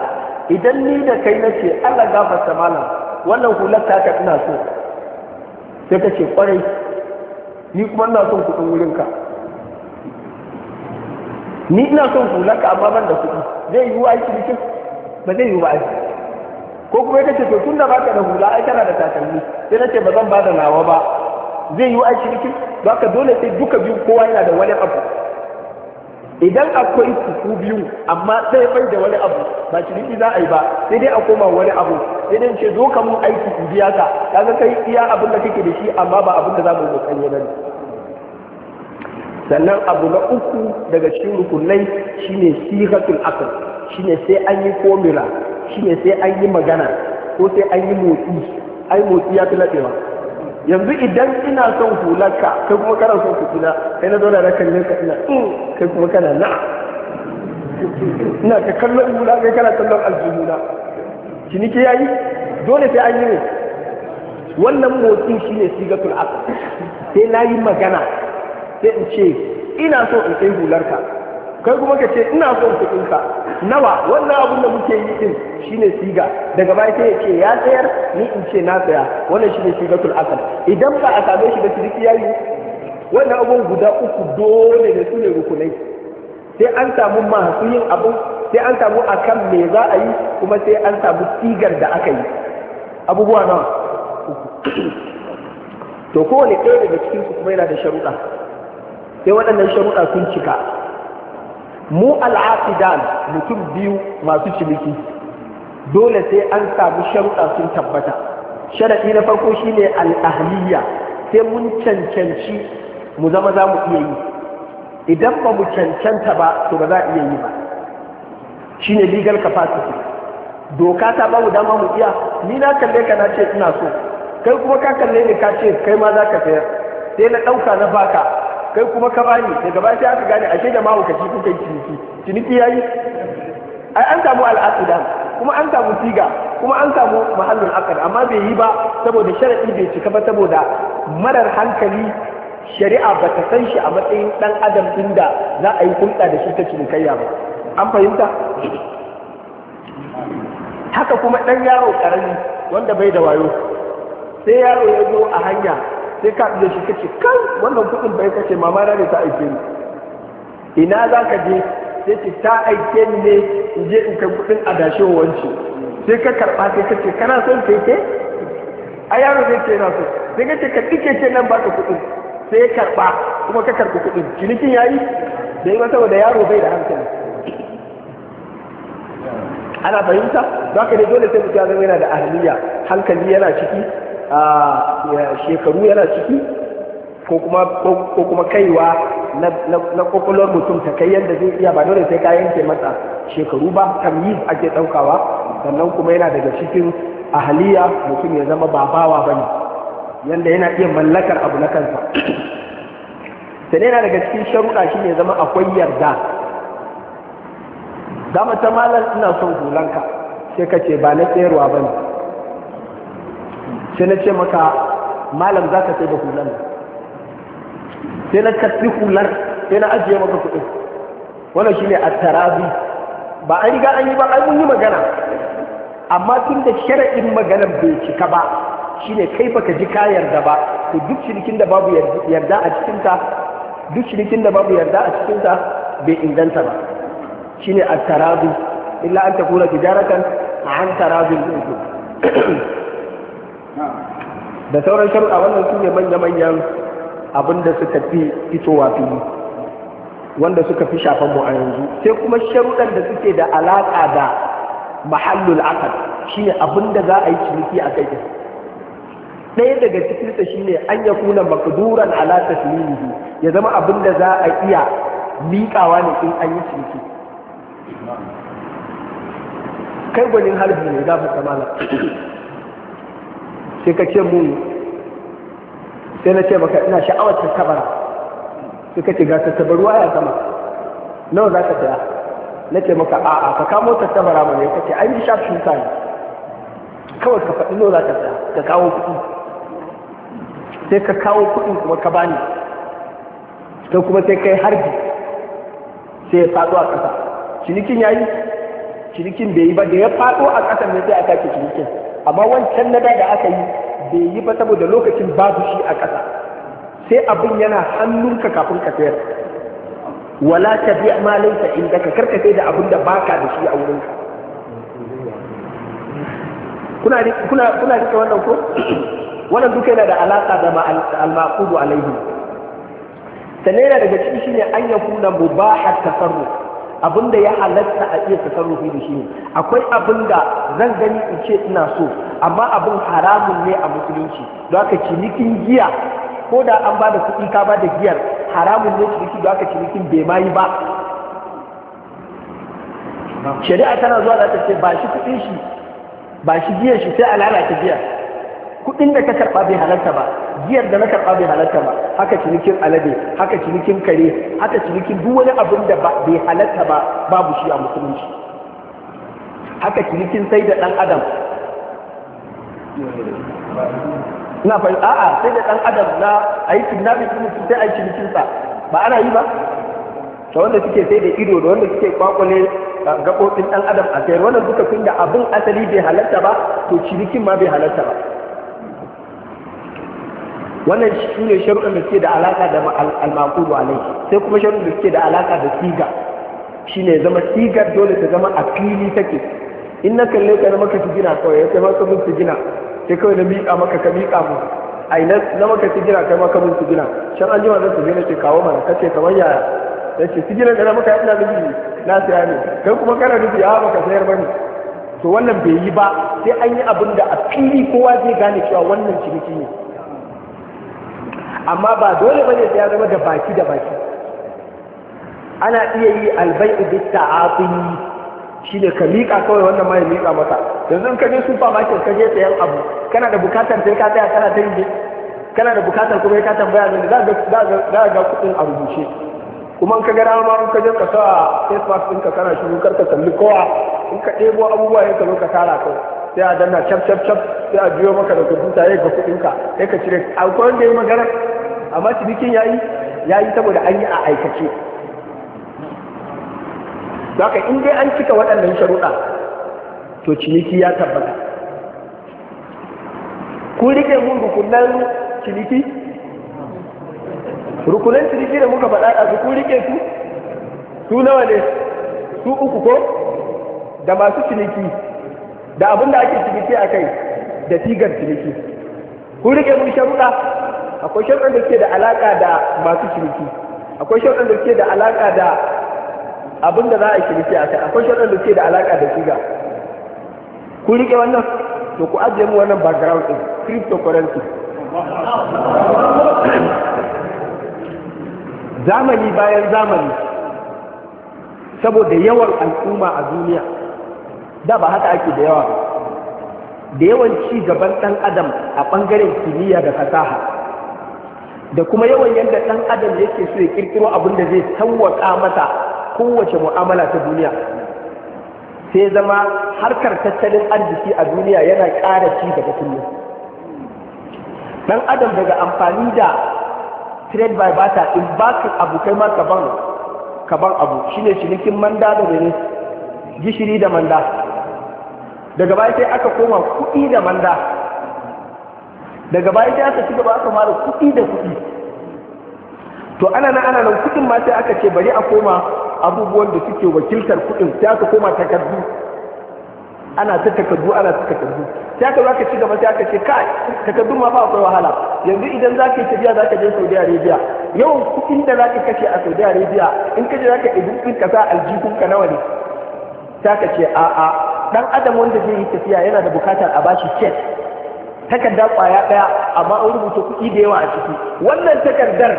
idan ni da kai na ce Allah gafarta malam wannan hular ta ka ina so sai ka ce kwarai ni kuma ina son kuɗin wurinka ni ina son hular ka amma ban da kuɗi zai yi wa aiki ba zai yi wa aiki ko kuma ya ce to tun da baka da hula ai kana da takalmi sai nake ba zan bada nawa ba zai yi aiki cikin ba ka dole sai duka biyu kowa yana da wani abu idan akwai su biyu amma sai bai da wani abu ba ciniki za a yi ba sai dai a koma wani abu sai dai ce zo ka mun aiki ku biya ka kaga kai iya abin da kake da shi amma ba abin da za mu kokari ba ne sannan abu na uku daga cikin rukunai shine sihatul akal shine sai an yi komira Shi ne sai an yi magana ko sai an yi motsi ai motsi ya fi laɗewa yanzu idan ina son hularka kai kuma kana son kutuna kai na zauna na kalle ka ina hmm, kai kuma kana na ina ka kallon hula kai kana kallon aljihuna ciniki ya yi dole sai an yi ne wannan motsi shi ne sigatul tur'a. sai na yi magana sai in ce ina so in kai hularka kai kuma ka ce ina son kuɗinka nawa wannan abin da muke yi din shine siga daga baya sai ya ce ya tsayar ni in ce na tsaya. wannan shine sigatul asal idan ba a same shi ba su ya yi wannan abun guda uku dole ne su ne rukunai sai an samu masu yin abu sai an samu akan me za a yi kuma sai an samu sigar da aka yi abubuwa nawa to kowane ɗaya daga cikin su kuma yana da sharuɗa sai waɗannan sharuɗa sun cika mu al'afidan mutum biyu masu ciniki dole sai an samu sharuɗa sun tabbata sharaɗi na farko shi ne al'ahliya sai mun cancanci mu zama za mu iya yi idan ba mu cancanta ba to ba za a iya yi ba Shi shine legal capacity doka ta ba mu dama mu iya ni na kalle ka na ce ina so kai kuma ka kalle ni ka ce kai ma za ka sayar sai na ɗauka na baka kai kuma ka bani daga gaba sai aka gane ashe da mahaukaci kuka yi ciniki ciniki yayi ai an samu al'aqidan kuma an samu siga kuma an samu mahallin akad amma bai yi ba saboda sharadi bai cika ba saboda marar hankali shari'a ba ta san shi a matsayin ɗan adam inda za a yi hulɗa da shi ta cinikayya ba an fahimta haka kuma ɗan yaro karami wanda bai da wayo sai yaro ya zo a hanya sai ka da shi kace kai wannan kuɗin bai kace mama na ne ta aike ni ina za ka je sai ce ta aike ni ne in je in kai kuɗin adashin wance sai ka karɓa sai kace kana son keke a yaro zai ce na so sai kace ka dike ce nan ba ka kuɗin sai ka karɓa kuma ka karɓi kuɗin cinikin yayi da yi saboda yaro bai da hankali ana fahimta za ka ne dole sai mutum ya zama yana da ahaliya hankali yana ciki shekaru yana ciki ko kuma kaiwa na kwakwalwar mutum ta kai yadda zai iya ba dole sai ka yanke masa shekaru ba yi ake ɗaukawa sannan kuma yana daga cikin ahaliya mutum ya zama babawa ba ne yadda yana iya mallakar abu na kansa [CLEARS THROAT] sannan yana daga cikin sharuɗa shi ne zama akwai yarda dama ta malar ina son hulanka sai ka ce ba na tsayarwa ba ne sai na ce maka malam za ka sai da hular sai na karfi hular sai na ajiye maka kuɗin wannan shi ne a ba an riga an yi ba an yi magana amma tun da shara'in maganar bai cika ba shi ne kai baka ji ka yarda ba to duk cinikin da babu yarda a cikinta duk cinikin da babu yarda a cikinta bai inganta ba shi ne a tarabi illa an ta kula tijaratan an tarabin ɗin. da sauran sharuɗa wannan su ne manya-manyan abin da suka fi fitowa fili wanda suka fi shafan mu a yanzu sai kuma sharuɗan da suke da alaƙa da mahallul akad shine abin da za a yi ciniki a kai ɗaya daga cikinsa shine an ya kuna makduran ala taslimihi ya zama abin da za a iya miƙawa ne in an yi ciniki kai gwanin harbi ne za mu samala sai ka ce mu sai na ce maka ina sha'awar ta kabara sai ka ce ga ta tabaruwa ya zama, nawa za ka tsaya? na ce maka a'a ka kamo ta tabara mana ya kace ai ni sha shuka ne kawai ka faɗi nawa za ka tsaya? ka kawo kuɗi sai ka kawo kuɗi kuma ka bani sai kuma sai kai harbi sai ya faɗo a ƙasa cinikin ya yi cinikin bai yi ba da ya faɗo a ƙasa ne sai a kake cinikin amma wancan na da aka yi bai yi ba saboda lokacin babu shi a ƙasa sai abin yana hannunka kafin ka sayar wala ta bi ma laysa indaka karka sai da abin da baka da shi a wurinka kuna kuna kuna wannan ko wannan duka yana da alaka da al-maqudu alaihi sannan yana daga cikin shine an yakuna mubahat tasarruf abin da ya halatta a iya rufi da shi ne akwai abin da zan gani in ce ina so amma abin haramun ne a musulunci don haka cinikin giya ko da an ba da kuɗi ka ba da giyar haramun ne ciniki don haka cinikin bai ma yi ba shari'a tana zuwa da ta ce ba shi kuɗin shi ba shi giyar shi sai a lalata giyar kuɗin da ka karɓa bai halarta ba giyar da na karɓa bai halarta ba haka cinikin alade haka cinikin kare haka cinikin duk wani abin da bai halarta ba babu shi a musulunci haka cinikin sai da ɗan adam na fa a'a sai da ɗan adam na aikin na bi kuma sai yi cinikin sa ba ana yi ba to wanda suke sai da ido da wanda suke kwakwale gaɓoɓin ɗan adam a sayar wannan duka kun da abin asali bai halarta ba to cinikin ma bai halarta ba wannan shi ne sharuɗin da suke da alaƙa da al-maqulu alai sai kuma sharuɗin da suke da alaƙa da siga shine zama sigar dole ta zama a fili take in na kalle ka na maka tijina kawai ya kai maka mun tijina sai kawai na miƙa maka ka miƙa mu ai na maka tijina kai maka mun tijina shan an jima zan tafi na ce kawo mana kace kamar yaya na ce tijina da na maka ina nufi na saya ne kai kuma kana nufi a maka sayar ba ne to wannan bai yi ba sai an yi abin da a fili kowa zai gane cewa wannan ciniki ne amma ba dole ba ne sai ya zama da baki da baki ana iya yi a bi Shi ne ka miƙa kawai wannan mai miƙa masa yanzu ka je market ka je sayan abu kana da bukatar sai ka tsaya kana ta kana da bukatar kuma ka tambaya ne za ga ga kuɗin a rubuce kuma in ka ga dama in ka je ka sa face mask ɗinka kana shiru kar ka kalli kowa in ka ɗebo abubuwa ya ka ka tara kai sai a danna cap cap cap sai a biyo maka da kwamfuta ya ga kuɗinka sai ka cire akwai wanda ya magana amma cinikin yayi yayi saboda an yi a aikace haka in dai an cika waɗannan sharuɗa to ciniki ya tabbata kun rike mun rukunan ciniki rukunan ciniki da muka faɗa su kun rike su su nawa ne su uku ko da masu ciniki da abin da ake ciniki a kai da sigar ciniki kun rike mun sharuɗa akwai sharuɗan da suke da alaƙa da masu shirki. akwai sharuɗan da suke da alaƙa da abin da za a shirki a kai akwai sharuɗan da suke da alaƙa da shiga ku riƙe wannan to ku ajiye mu wannan background ɗin cryptocurrency zamani bayan zamani saboda yawan al'umma a duniya da ba haka ake da yawa da yawan ci gaban ɗan adam a ɓangaren kimiyya da fasaha da kuma yawan yadda ɗan adam yake so ya ƙirƙiro abin da zai sauwaƙa mata kowace mu'amala ta duniya sai zama harkar tattalin arziki a duniya yana ƙara ci daga kullum ɗan adam daga amfani da trade by Bata in ba ka abu kai ma kaban kaban abu shine cinikin manda da gani gishiri da manda daga baya sai aka koma kuɗi da manda daga bayan da aka ci gaba aka mara kuɗi da kuɗi to ana nan ana nan kuɗin ma sai aka ce bari a koma abubuwan da suke wakiltar kuɗin sai aka koma takardu ana ta takardu ana ta takardu sai aka zo aka ci gaba sai aka ce kai takardun ma ba akwai wahala yanzu idan za ka yi tafiya za ka je saudi arabia yawan kuɗin da za ka kashe a saudi arabia in ka je za ka ɗin kuɗin ka sa aljihun ka nawa ne sai aka ce a'a dan adam wanda zai yi tafiya yana da bukatar a bashi check takarda kwaya daya amma an rubuta kuɗi da yawa a ciki wannan takardar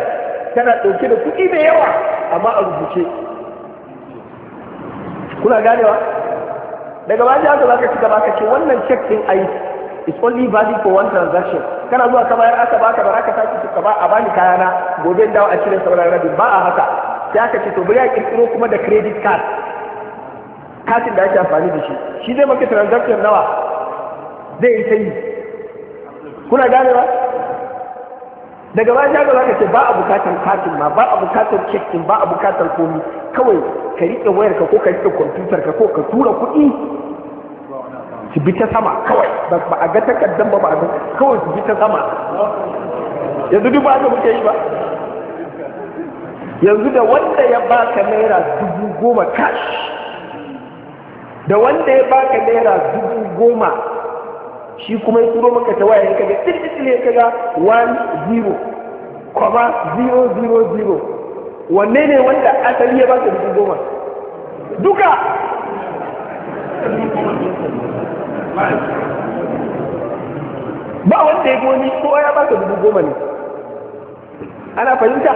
tana ɗauke da kuɗi da yawa amma a rubuce kuna ganewa daga bayan haka zaka ci gaba ka ce wannan check din ai it's only valid for one transaction kana zuwa ka bayar aka baka ba ka saki ka ba a bani kayana gobe dawo a cire sauran rabin ba a haka sai aka ce to bari a kirkiro kuma da credit card katin da ake amfani da shi shi zai maka transaction nawa zai yi ta yi kuna gane ba daga baya shago za ka ce ba a bukatar katin ma ba a bukatar check ba a bukatar komi kawai ka riƙe wayar ka ko ka riƙe kwamfutar ka ko ka tura kuɗi su bi ta sama kawai ba a ga takardar ba ba a kawai su bi ta sama yanzu duk ba ka muke yi ba yanzu da wanda ya baka naira dubu goma cash da wanda ya baka naira dubu goma shi kuma ya turo maka tawaya ya kaga tilitili ya kaga 10 kwama 000 wanne ne wanda asali ya ba ka dubu goma duka ba wanda ya goni kowa ya ba ka dubu goma ne ana fahimta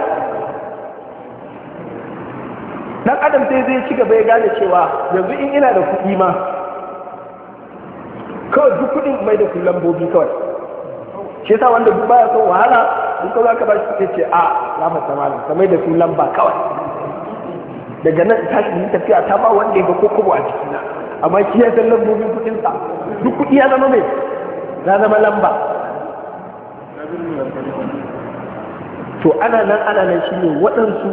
dan adam sai zai ci gaba ya gane cewa yanzu in ina da kuɗi ma kawai duk kudin mai da kullum lambobi kawai shi yasa wanda duk baya son wahala duk kawai aka ba shi sai ce a za mu ta malam ka mai da su lamba kawai daga nan ta shi tafiya ta ba wanda ya ga ko kobo a jikina amma shi ya san lambobin sa duk kudi ya zama mai ya zama lamba to ana nan ana nan shi ne waɗansu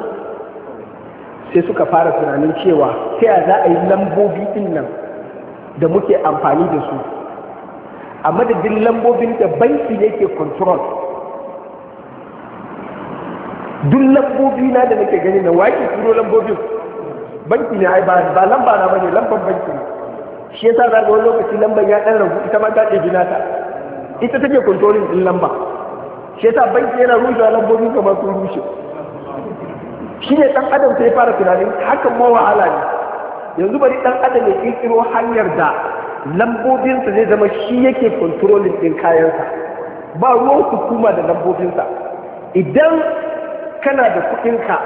sai suka fara tunanin cewa ta ya za a yi lambobi din nan da muke amfani da su a madadin lambobin da banki yake control duk lambobi na da nake gani na wake turo lambobin banki ne ai ba lamba na bane lamban banki ne shi yasa za ga wani lokaci lamban ya dan ragu ita ma ta gina ta. ita take controlling din lamba shi yasa banki yana rushe lambobi kamar sun rushe shi ne ɗan adam sai fara tunanin hakan ma wahala ne yanzu bari ɗan adam ya kirkiro hanyar da lambobinsa zai zama shi yake kontrolin ɗin kayansa ba ruwan hukuma da lambobinsa idan kana da kuɗinka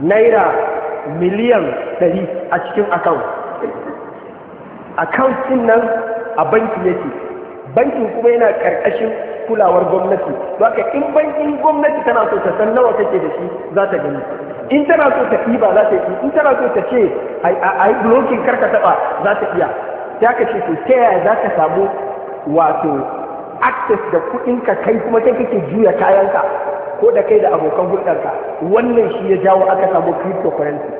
naira miliyan 100 a cikin account account ɗin nan a banki yake bankin kuma yana ƙarƙashin kulawar gwamnati haka in bankin gwamnati tana so ta san nawa kake da shi za ta gani in tana so ta ɗiba za ta yi in tana so ta ce a yi blokin karka taɓa za ta iya sai aka ce to ta yaya za ka samu wato access da kuɗinka kai kuma kai kake juya kayanka ko da kai da abokan hulɗarka wannan shi ya jawo aka samu cryptocurrency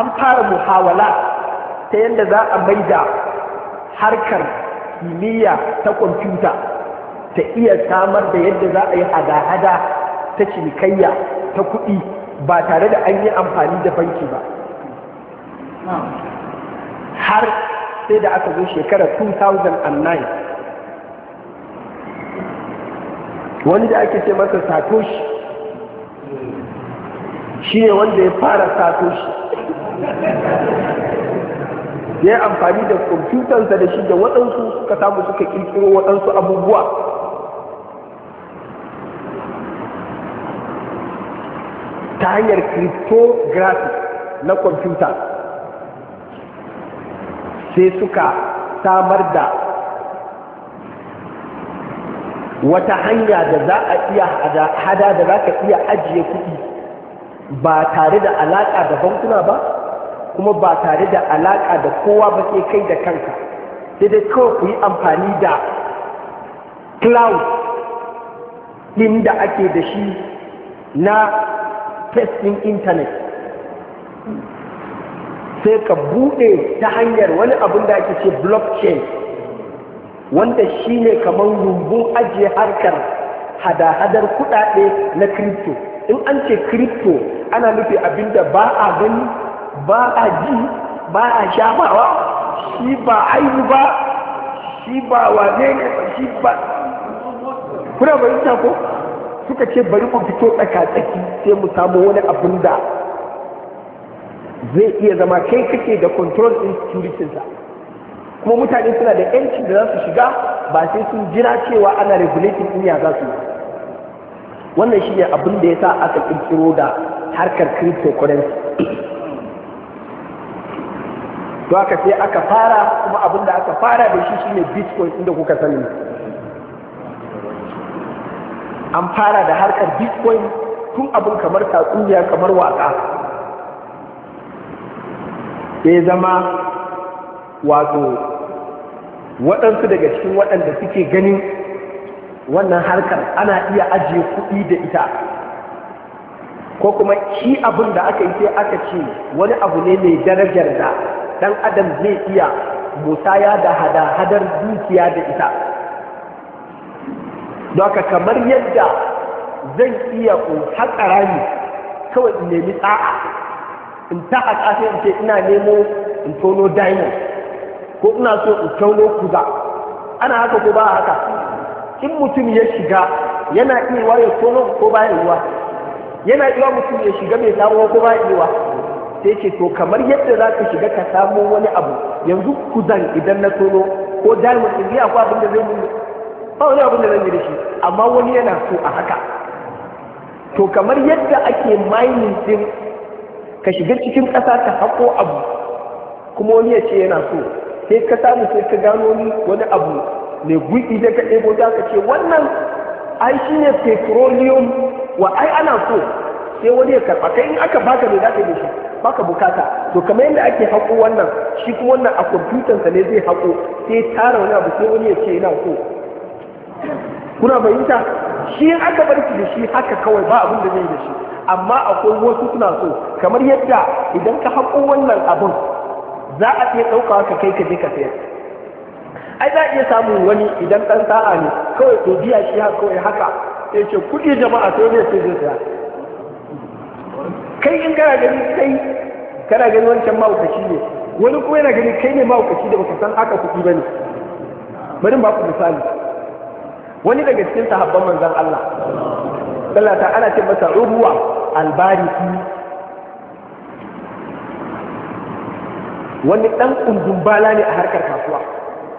an fara muhawala ta yadda za a da harkar kimiyya ta kwamfuta ta iya samar da yadda za a yi hada-hada ta cinikayya ta kuɗi ba tare da an yi amfani da banki ba har sai da aka zo shekarar 2009 wani da ake ce masa satoshi shi ne wanda ya fara satoshi ya yi amfani da kwamfutansa da shi da waɗansu suka samu suka ƙirƙiro waɗansu abubuwa ta hanyar cryptographic na kwamfuta sai suka samar da wata hanya da za a iya hada da za ka iya ajiye kuɗi ba tare da alaƙa da bankuna ba kuma ba tare da alaƙa da kowa ba ke kai da kanka sai dai kawai ku yi amfani da cloud ɗin da ake da shi na testing intanet sai ka bude ta hanyar wani abin da ake ce blockchain wanda shi ne kamar rumbun ajiye harkar hada-hadar kudade na crypto in an ce crypto ana nufi abin da ba a gani ba a ji ba a shafawa shi ba yi ba shi ba wane ne shi ba kuna ta ko suka ce bari mu fito tsaka-tsaki sai mu samu wani abin da zai iya zama kai kake da control in security sa, kuma mutane suna da yanci da za su shiga ba sai sun jira cewa ana regulating din za su wannan shi ne abin da ya sa aka kirkiro da harkar cryptocurrency to aka sai aka fara kuma abin da aka fara da shi shine bitcoin inda kuka sani an fara da harkar bitcoin tun abin kamar tatsuniya kamar waka sai zama wato waɗansu daga cikin waɗanda suke ganin wannan harkar ana iya ajiye kuɗi da ita ko kuma shi abin da aka yi sai aka ce wani abu ne mai darajar da ɗan adam zai iya musaya da hada-hadar dukiya da ita doka kamar yadda zan iya haƙa rami kawai nemi tsa'a in ta a ƙasa in ce ina nemo in tono diamond ko ina so in tono kuza ana haka ko ba haka in mutum ya shiga yana iya ya tono ko ba ruwa? yana iya mutum ya shiga mai samuwa ko ba yiwa sai ce to kamar yadda za ka shiga ka samu wani abu yanzu kuzan idan na tono ko diamond in ni akwai abin da zai mun ba wani abin da zan yi da shi amma wani yana so a haka to kamar yadda ake mining din ka shiga cikin ƙasa ta haƙo abu kuma wani ya ce yana so sai ka samu sai ka gano wani abu mai gwiɗi da ka ɗebo za ka ce wannan ai shi ne petroleum wa ai ana so sai wani ya karɓa kai in aka baka mai za ka yi shi baka bukata to kamar yadda ake haƙo wannan shi kuma wannan a kwamfutansa ne zai haƙo sai tara wani abu sai wani ya ce yana so kuna fahimta shi aka bar shi da shi haka kawai ba abin da zai da shi amma akwai wasu suna so kamar yadda idan ka haƙo wannan abin za a iya ɗauka ka kai ka je ka sayar ai za a iya samun wani idan ɗan sa'a ne kawai to biya shi haka kawai haka ya ce kuɗi jama'a sai zai sai zai saya kai in kana gani kai kana gani wancan mahaukaci ne wani kuma yana gani kai ne mahaukaci da baka san haka kuɗi ba ne bari ba ku misali wani daga cikin sahabban manzon Allah sallata ana ce masa ruwa albariki wani ɗan ƙundun bala ne a harkar kasuwa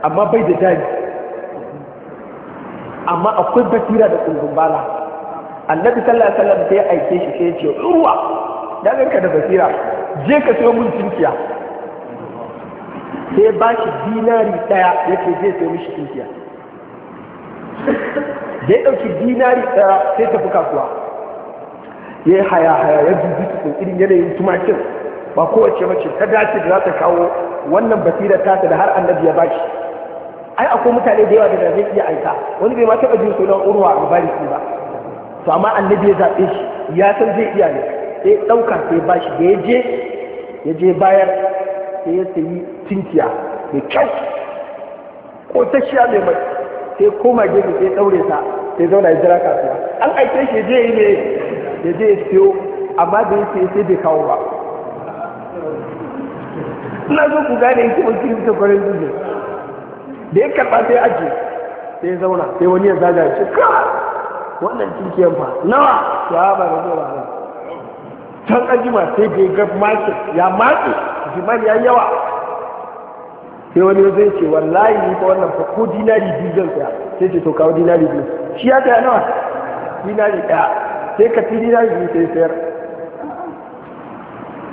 amma bai da jari amma akwai basira da ƙundun bala annabi sallallahu alaihi wasallam sai aike shi sai ce ruwa da ganka da basira je ka siyo mun tunkiya sai ba shi dinari ɗaya yake zai siyo mishi tunkiya da ya ɗauki dinari ɗaya sai tafi kasuwa ya yi haya haya ya dubi cikin irin yanayin tumakin ba kowace mace ta dace da za ta kawo wannan basira ta da har annabi ya bashi ai akwai mutane da yawa da zai iya aika wani bai ma taɓa jin sunan urwa a bariki ba to amma annabi ya zaɓe shi ya san zai iya ne sai ɗauka sai bashi da ya je ya je bayar sai ya sayi tinkiya mai kyau ko tashiya mai mai sai koma gefe sai ɗaure ta ya zauna ya jira kasuwa an aike shi je yi ne ya je siyo amma da yake sai bai kawo ba ina zo ku gane yake mun kiri ta kwarin duje da ya karɓa sai aji sai ya zauna sai wani ya zaga shi ka wannan cikin fa nawa ya ba da zuwa ba can ajima jima sai bai ga makin ya matse jimar ya yawa sai wani zai ce wallahi ni fa wannan fa ko dinari biyu zan tsaya sai ce to kawo dinari biyu shi ya tsaya nawa dinari ɗaya sai ka fi dinari biyu sai sayar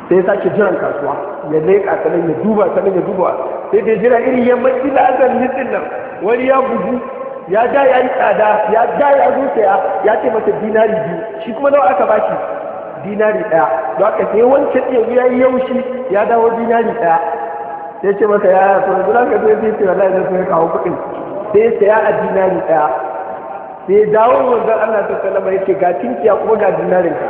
sai sake jiran kasuwa ya leƙa sanin ya duba sanin ya duba sai dai jira irin yammacin da azar nitsin nan wani ya gudu, ya ja ya yi tsada ya ja ya zo saya ya ce mata dinari biyu shi kuma nawa aka bashi dinari ɗaya don haka sai wancan ya yi yaushi ya dawo dinari ɗaya sai ce masa ya ya sun zura ka zai ce wallahi zai sai kawo kuɗin sai saya a dinari ɗaya sai dawo wanzan Allah ta sallama ya ce ga tinkiya kuma ga dinarin ka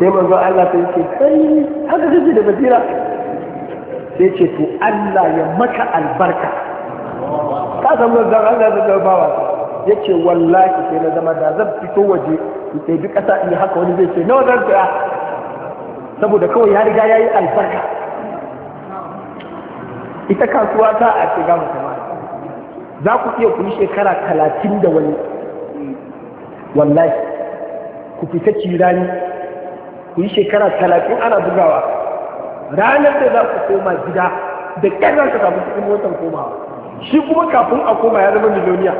sai manzo Allah ta ce sai haka kake da basira sai ce to Allah ya maka albarka ka san manzo Allah da gabawa ya ce wallahi sai na zama da zan fito waje sai duk ƙasa in haka wani zai ce nawa zan tsaya saboda kawai ya riga ya yi albarka ita kasuwa ta a shiga musamman za ku iya ku shekara talatin da wani wallahi ku fita cirani ku yi shekara talatin ana bugawa ranar da za ku koma gida da ƙyar ka ku samu cikin motar komawa shi kuma kafin a koma ya zama miliyoniya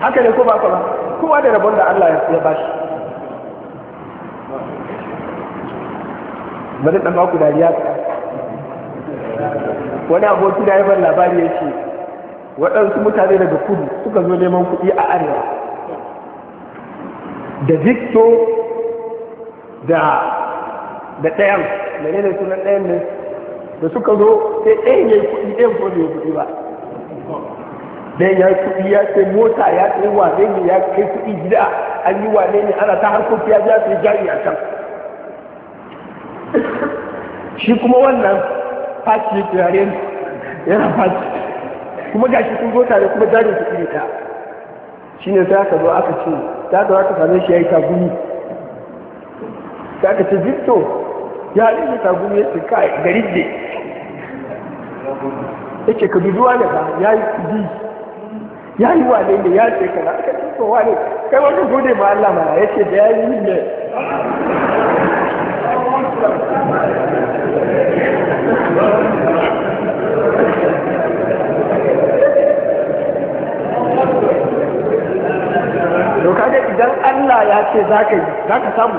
haka ne ko ba kuma kowa da rabon da Allah ya bashi bari ɗan baku dariya wani aboki da ya bar labari ya ce waɗansu mutane daga kudu suka zo neman kuɗi a arewa da victor da da ɗayan da ne sunan ɗayan ne da suka zo sai ɗayan ya yi kuɗi ɗayan ko bai kuɗi ba ɗayan ya yi kuɗi ya sai mota ya sai wane ne ya kai kuɗi gida an yi wane ne ana ta harkoki ya ja sai jari a can shi kuma wannan faci turaren yana faci kuma ga shi sun zo tare kuma jarin su iri ta? shi ne sai aka zo aka ce ta zo aka same shi ya yi tagumi sai aka ce victor ya yi shi tagumi ya ce kai gari ne ce ka duduwa ne ba ya yi kudi ya yi wane ne ya ce kana aka ce kowa wane kai wani gode ma Allah mana ya ce da ya yi ne to kaga idan Allah ya ce za ka yi za ka samu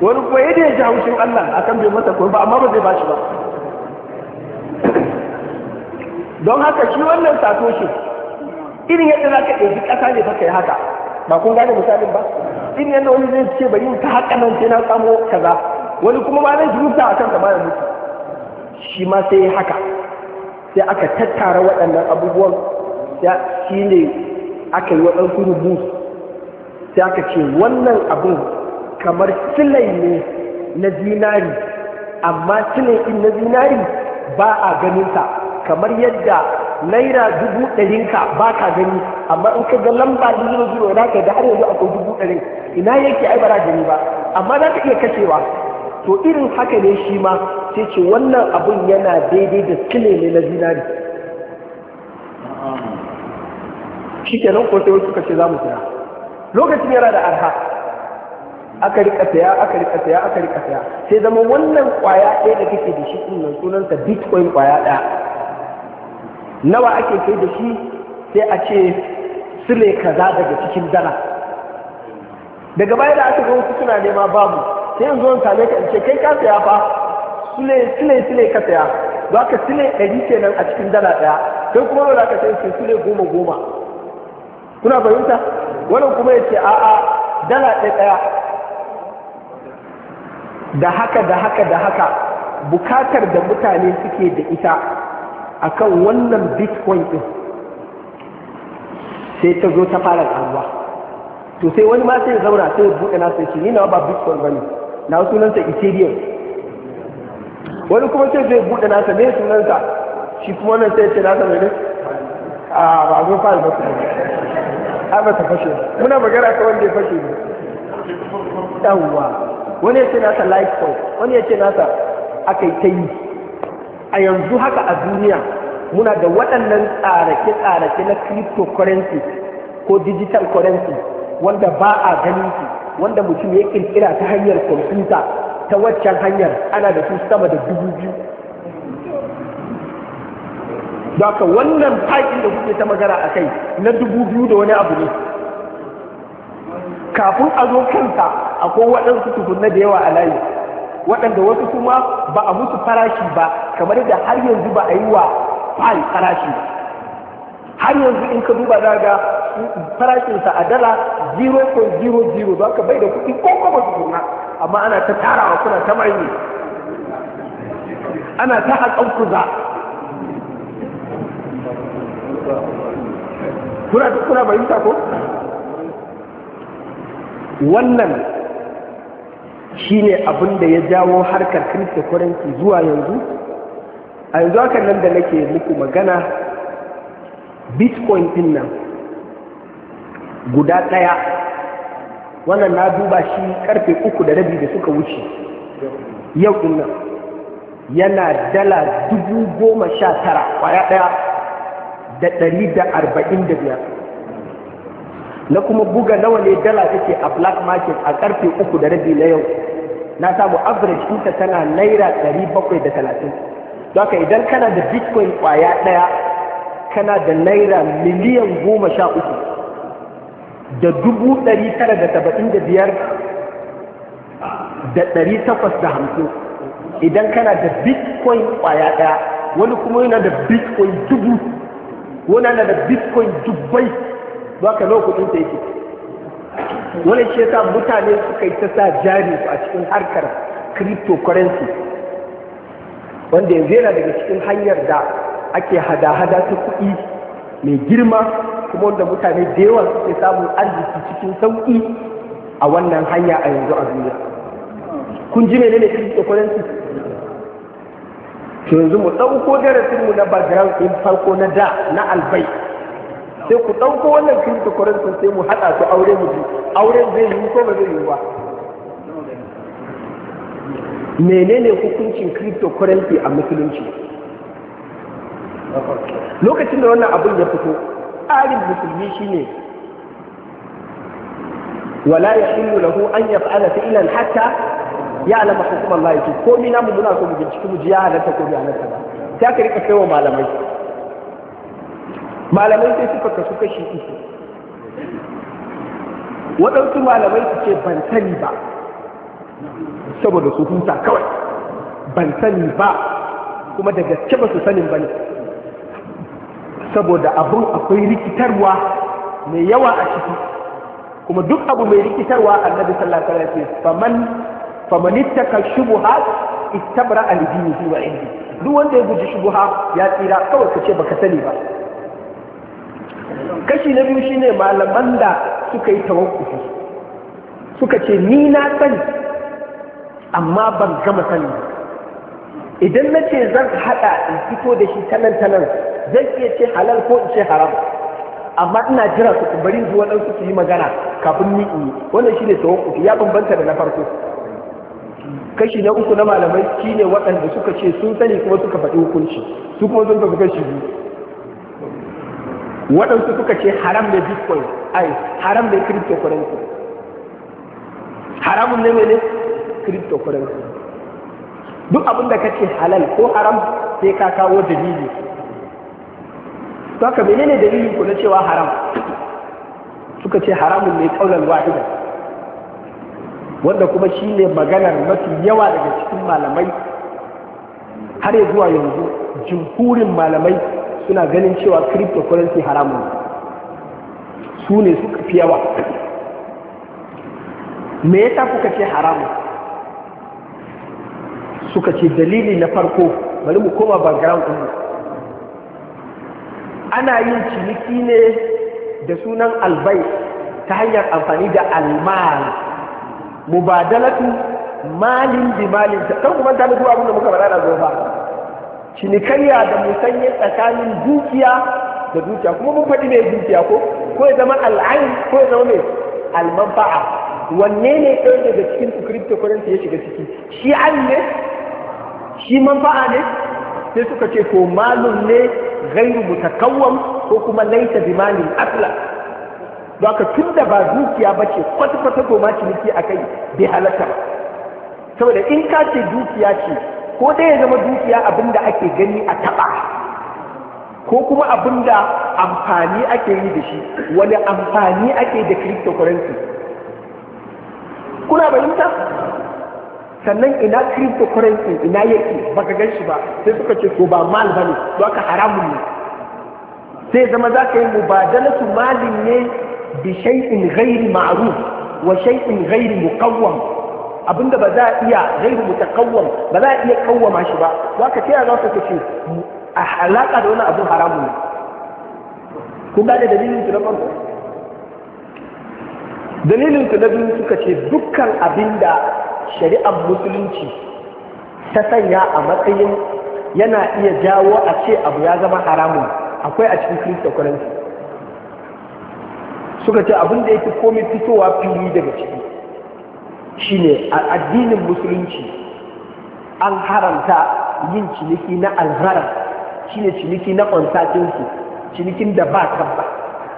wani kuwa yadda ya ji haushin Allah a kan bai mata ba amma ba zai ba shi ba don haka shi wannan sato shi irin yadda za ka ɗauki ƙasa ne fa ka yi haka ba kun gane misalin ba in yanda wani zai ce bari ta haƙa nan sai na samu kaza wani kuma ba zai rubuta a kanta ba mutu shi ma sai haka sai aka tattara waɗannan abubuwan shi ne aka yi waɗansu rubutu sai aka ce wannan abin kamar silai ne na zinari amma silai in na zinari ba a ganinsa kamar yadda naira dubu ɗarinka ba ka gani amma in ka ga lamba zero zuwa na ka ga har yanzu akwai dubu ɗarin ina yake ai bara gani ba amma za ka iya kashewa to irin haka ne shi ma sai ce wannan abun yana daidai da kile ne na zinari shi ke nan sai wasu kashe za mu saya lokacin yana da arha aka rika saya aka rika saya aka rika saya sai zama wannan kwaya ɗaya da kake da shi ɗin nan sunansa bitcoin kwaya ɗaya nawa ake kai da shi sai a ce sule kaza daga cikin dala daga baya da aka ga suna nema babu sai yanzu wani same ka ce kai ka saya fa sule sule ka saya za ka sule ɗari kenan a cikin dala ɗaya sai kuma wani ka sai sule goma goma kuna fahimta wannan kuma ya ce a'a dala ɗaya ɗaya da haka da haka da haka bukatar da mutane suke da ita akan wannan bitcoin ɗin sai ta zo ta fara ƙaruwa to sai wani ma sai ya zauna sai ya buɗe nasa shi ni na ba bitcoin ba ne na sunanta ethereum wani kuma sai zai buɗe nasa ne sunanta shi kuma wannan sai ce nasa mai ne a ba zo fara ba a ba ta fashe muna magana ta wanda ya fashe ne yawwa wani ya ce nasa litecoin wani ya ce nasa aka yi ta yi a yanzu haka a duniya muna da waɗannan tsarake-tsarake na cryptocurrency ko digital currency wanda ba a ganin su wanda mutum ya kirkira ta hanyar kwamfuta ta waccan hanyar ana da su sama da dubu biyu Daka wannan fakin da kuke ta magana a kai na dubu biyu da wani abu ne kafin a zo kanta akwai waɗansu tukunna da yawa a layi waɗanda wasu kuma ba a musu farashi ba kamar da har yanzu ba a yi wa fari farashi ba har yanzu in ka duba za ga farashinsa a dala 0.00 za ka bai da kuɗi ko kuma su kuna amma ana ta tarawa kuna ta manye ana ta haƙan kuza kuna kuna bayyanta ko wannan shine abin da ya jawo harkar cryptocurrency zuwa yanzu a yanzu hakan nan da nake muku magana bitcoin din nan guda ɗaya wannan na duba shi karfe uku da rabi da suka wuce yau din nan yana dala dubu goma sha tara kwaya ɗaya da dari da arba'in da biyar na kuma buga nawa ne dala take a black market a karfe uku da rabi na yau na samu average ɗinta tana naira ɗari bakwai da talatin don haka idan kana da bitcoin kwaya ɗaya kana da naira miliyan goma sha uku da dubu ɗari tara da saba'in da biyar da ɗari takwas da hamsin idan kana da bitcoin kwaya ɗaya wani kuma yana da bitcoin dubu wani yana da bitcoin dubbai ba ka nawa ta yake wani shi yasa mutane suka yi ta sa jari a cikin harkar cryptocurrency wanda yanzu yana daga cikin hanyar da ake hada-hada ta kuɗi mai girma kuma wanda mutane da yawa suke samun arziki cikin sauƙi a wannan hanya a yanzu a duniya kun ji menene cryptocurrency to yanzu mu ɗauko darasinmu na background ɗin farko na da na albai sai ku ɗauko wannan kirki kurantin sai mu haɗa su aure mu ji auren zai yi ko ba zai yi ba menene hukuncin cryptocurrency a musulunci lokacin da wannan abin ya fito tsarin musulmi shine wala ya shillu lahu an yaf'ala ilan hatta Ya alama hukumar yake ko mina mu muna so mu binciki mu ji ya halatta ko bai halatta ba sai aka rika kaiwa malamai malamai sai suka kasu kashi uku waɗansu malamai su ce ban sani ba saboda su huta kawai ban sani ba kuma da gaske ba su sanin ba ne saboda abun akwai rikitarwa mai yawa a ciki kuma duk abu mai rikitarwa annabi sallallahu alaihi wasallam ce faman faman ittaka shubuhat istabra al din wa indi duk wanda ya guji shubuha ya tsira kawai kace baka sani ba kashi na biyu shine malaman da suka yi tawakkufi suka ce ni na sani amma ban gama sani idan na ce zan haɗa in fito da shi tanan tanan zan iya ce halal ko in ce haram amma ina jira su bari zuwa dan su yi magana kafin ni in yi wannan shine tawakkufi ya bambanta da na farko kashi na uku na malamai shine waɗanda suka ce sun sani kuma suka faɗi hukunci su kuma sun tafi kashi biyu waɗansu suka ce haram ne bitcoin ai haram ne cryptocurrency haramun ne ne cryptocurrency duk abin da kace halal ko haram sai ka kawo dalili saka menene dalilin ku na cewa haram suka ce haramun ne kaulan wahida wanda kuma shine maganar mafi yawa daga cikin malamai har zuwa yanzu jinkurin malamai suna ganin cewa cryptocurrency haramun su ne suka fi yawa me yasa kuka ce haramun suka ce dalili na farko bari mu koma background ɗin ana yin ciniki ne da sunan albai ta hanyar amfani da almal mubadalatu malin bi malin ta kan kuma ta mutu abin da muka faɗa da ba cinikayya da musanye tsakanin dukiya da dukiya kuma mun faɗi mai dukiya ko ko ya zama al'ain ko ya zama mai almanfa'a wanne ne ɗaya daga cikin crypto kwaranta ya shiga ciki shi an ne shi manfa'a ne sai suka ce ko malun ne gairu mutakawwam ko kuma laita bi malin asla don ka da ba dukiya ba ce kwata-kwata goma ciniki a kai bai halatta ba saboda in ka ce dukiya ce ko sai ya zama dukiya abinda da ake gani a taba ko kuma abinda da amfani ake yi da shi wani amfani ake da cryptocurrency kuna fahimta sannan ina cryptocurrency ina yake baka gan shi ba sai suka ce to ba mal ba ne, to aka haramun ne sai zama za ka yi mubadalatu malin ne bi shay'in ghairi ma'ruf wa shay'in ghairi muqawwam abinda ba za a iya gairu mutakawwam ba za a iya kawwama shi ba za ka ta za ka kace a alaka da wani abin haramun ne kun gane dalilin su na farko dalilin su na biyu suka ce dukkan abinda shari'ar musulunci ta sanya a matsayin yana iya jawo a ce abu ya zama haramun akwai a cikin cryptocurrency suka ce abin da yake komai fitowa fili daga ciki shine a addinin musulunci an haramta yin ciniki na alharar shine ciniki na kwansatinsu cinikin da ba tabba.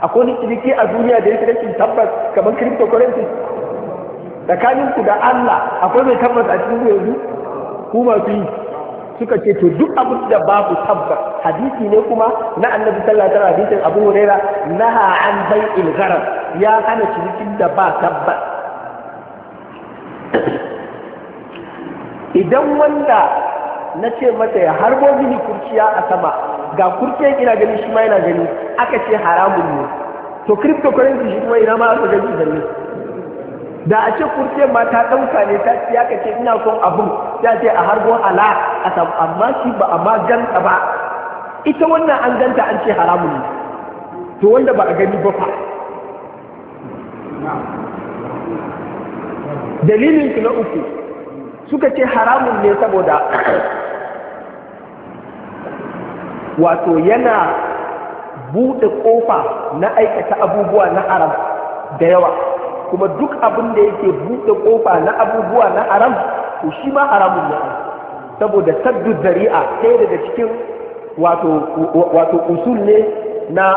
akwai wani ciniki a duniya da yake rashin tabbas kamar cryptocurrency tsakaninku da Allah akwai mai tabbas a cikin yanzu ku masu yi suka ce to duk abin da babu tabbas hadisi ne kuma na annabi sallallahu alaihi wasallam hadisin Abu Huraira naha an bai gharar ya hana cinikin da ba tabbas idan wanda na ce mata ya harbo mini kurciya a sama ga kurciyan ina gani shi ma yana gani aka ce haramun ne to cryptocurrency shi kuma ina ma aka gani zanne da a ce kurciyan ma ta ɗauka ne ta ce aka ce ina son abin ta ce a harbo ala a sama. amma shi ba a ma ganta ba ita wannan an ganta an ce haramun ne to wanda ba a gani ba fa dalilin na uku suka ce haramun ne saboda wato yana buɗe ƙofa na aikata abubuwa na haram da yawa kuma duk abin da yake buɗe ƙofa na abubuwa na haram to shi ma haramun ne saboda saddu zari'a ɗaya daga cikin wato usul ne na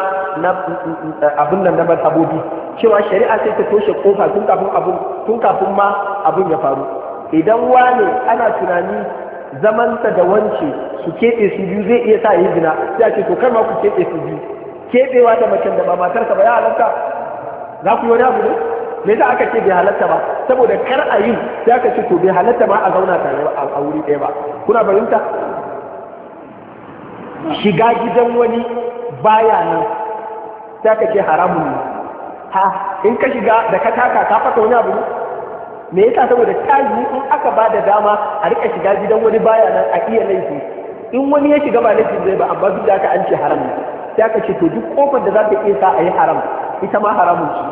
abin nan na mazhabobi cewa shari'a sai ta toshe ƙofa tun kafin ma abin ya faru idan wane ana tunani zamansa da wance su keɓe su biyu zai iya sa yi zina sai a ce to kar ma ku keɓe su biyu keɓewa da macen da ba matarsa ba ya halatta za ku yi wani abu ne me yasa aka ce bai halatta ba saboda kar a yi sai aka ce to bai halatta ba a zauna tare a wuri ɗaya ba kuna barinta? shiga gidan wani baya nan sai aka ce haramun ne ha in ka shiga da ka taka ka fata wani abu ne me yasa saboda kaji in aka ba da dama a rika shiga gidan wani baya nan a iya laifi in wani ya shiga ba laifin zai ba amma duk da aka an ce haram ne sai aka ce to duk kofar da za ta iya sa a yi haram ita ma haramun shi.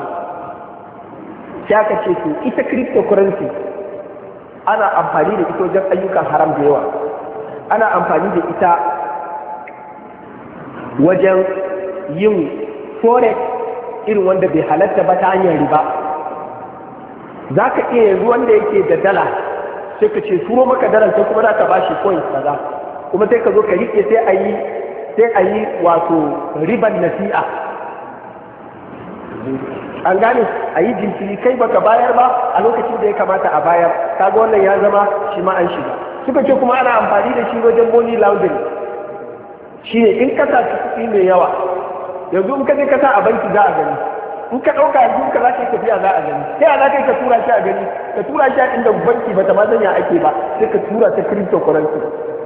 sai aka ce to ita cryptocurrency ana amfani da ita wajen ayyukan haram da yawa ana amfani da ita wajen yin forex irin wanda bai halatta ba ta hanyar riba za ka iya yanzu wanda yake da dala sai ka ce turo maka dalar sai kuma za ka ba shi coins kaza kuma sai ka zo ka riƙe sai a yi sai a yi wato riban nasi'a an gane a yi jinkiri kai baka bayar ba a lokacin da ya kamata a bayar kaga wannan ya zama shi ma an shiga suka ce kuma ana amfani da shi wajen money laundering shi ne in kasa kuɗi mai yawa yanzu in ka je kasa a banki za a gani in ka ɗauka a ka za ka tafiya za a gani sai a za ka yi ka tura shi a gani ka tura shi a inda banki ba ta ma sanya ake ba sai ka tura ta cryptocurrency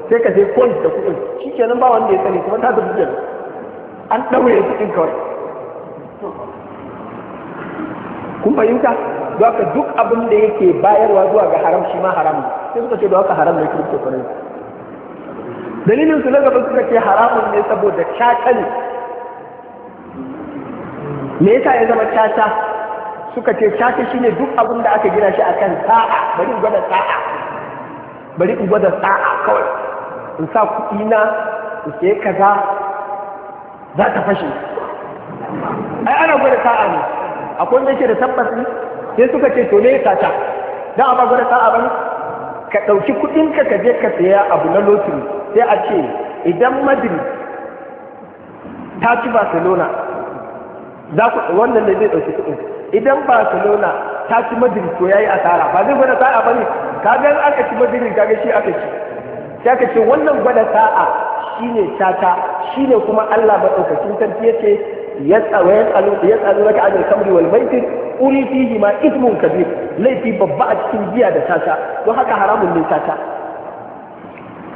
sai ka je coins da kuɗin shi kenan ba wanda ya sani kuma ta tafi kenan an ɗaure cikin kawai kun fahimta za ka duk abin da yake bayarwa zuwa ga haram shi ma haram sai suka ce don haka haram ne cryptocurrency dalilin su na gaba suka ce haramun ne saboda shakali me yasa ya zama caca suka ce caca shine duk abin da aka gina shi akan sa'a bari in gwada sa'a bari in gwada sa'a kawai in sa kuɗi na in sai kaza za ta fashe ai ana gwada sa'a ne akwai wanda yake da tabbas ne sai suka ce to ne ya caca da a ba gwada sa'a ba ka ɗauki kuɗinka ka je ka saya abu na lotiri sai a ce idan madrid ta ci barcelona za ku wannan ne zai ɗauki kuɗin idan barcelona ta ci madrid to yayi asara ba zai gwada sa'a bane ga an aka ci madrid kaga shi aka ci sai aka ce wannan gwada sa'a shine tata shine kuma Allah madaukakin sarki yace yas'alu ya tsalo laka anil khamri wal maisir uri fihi ma ismun kabir laifi babba a cikin giya da tata don haka haramun ne tata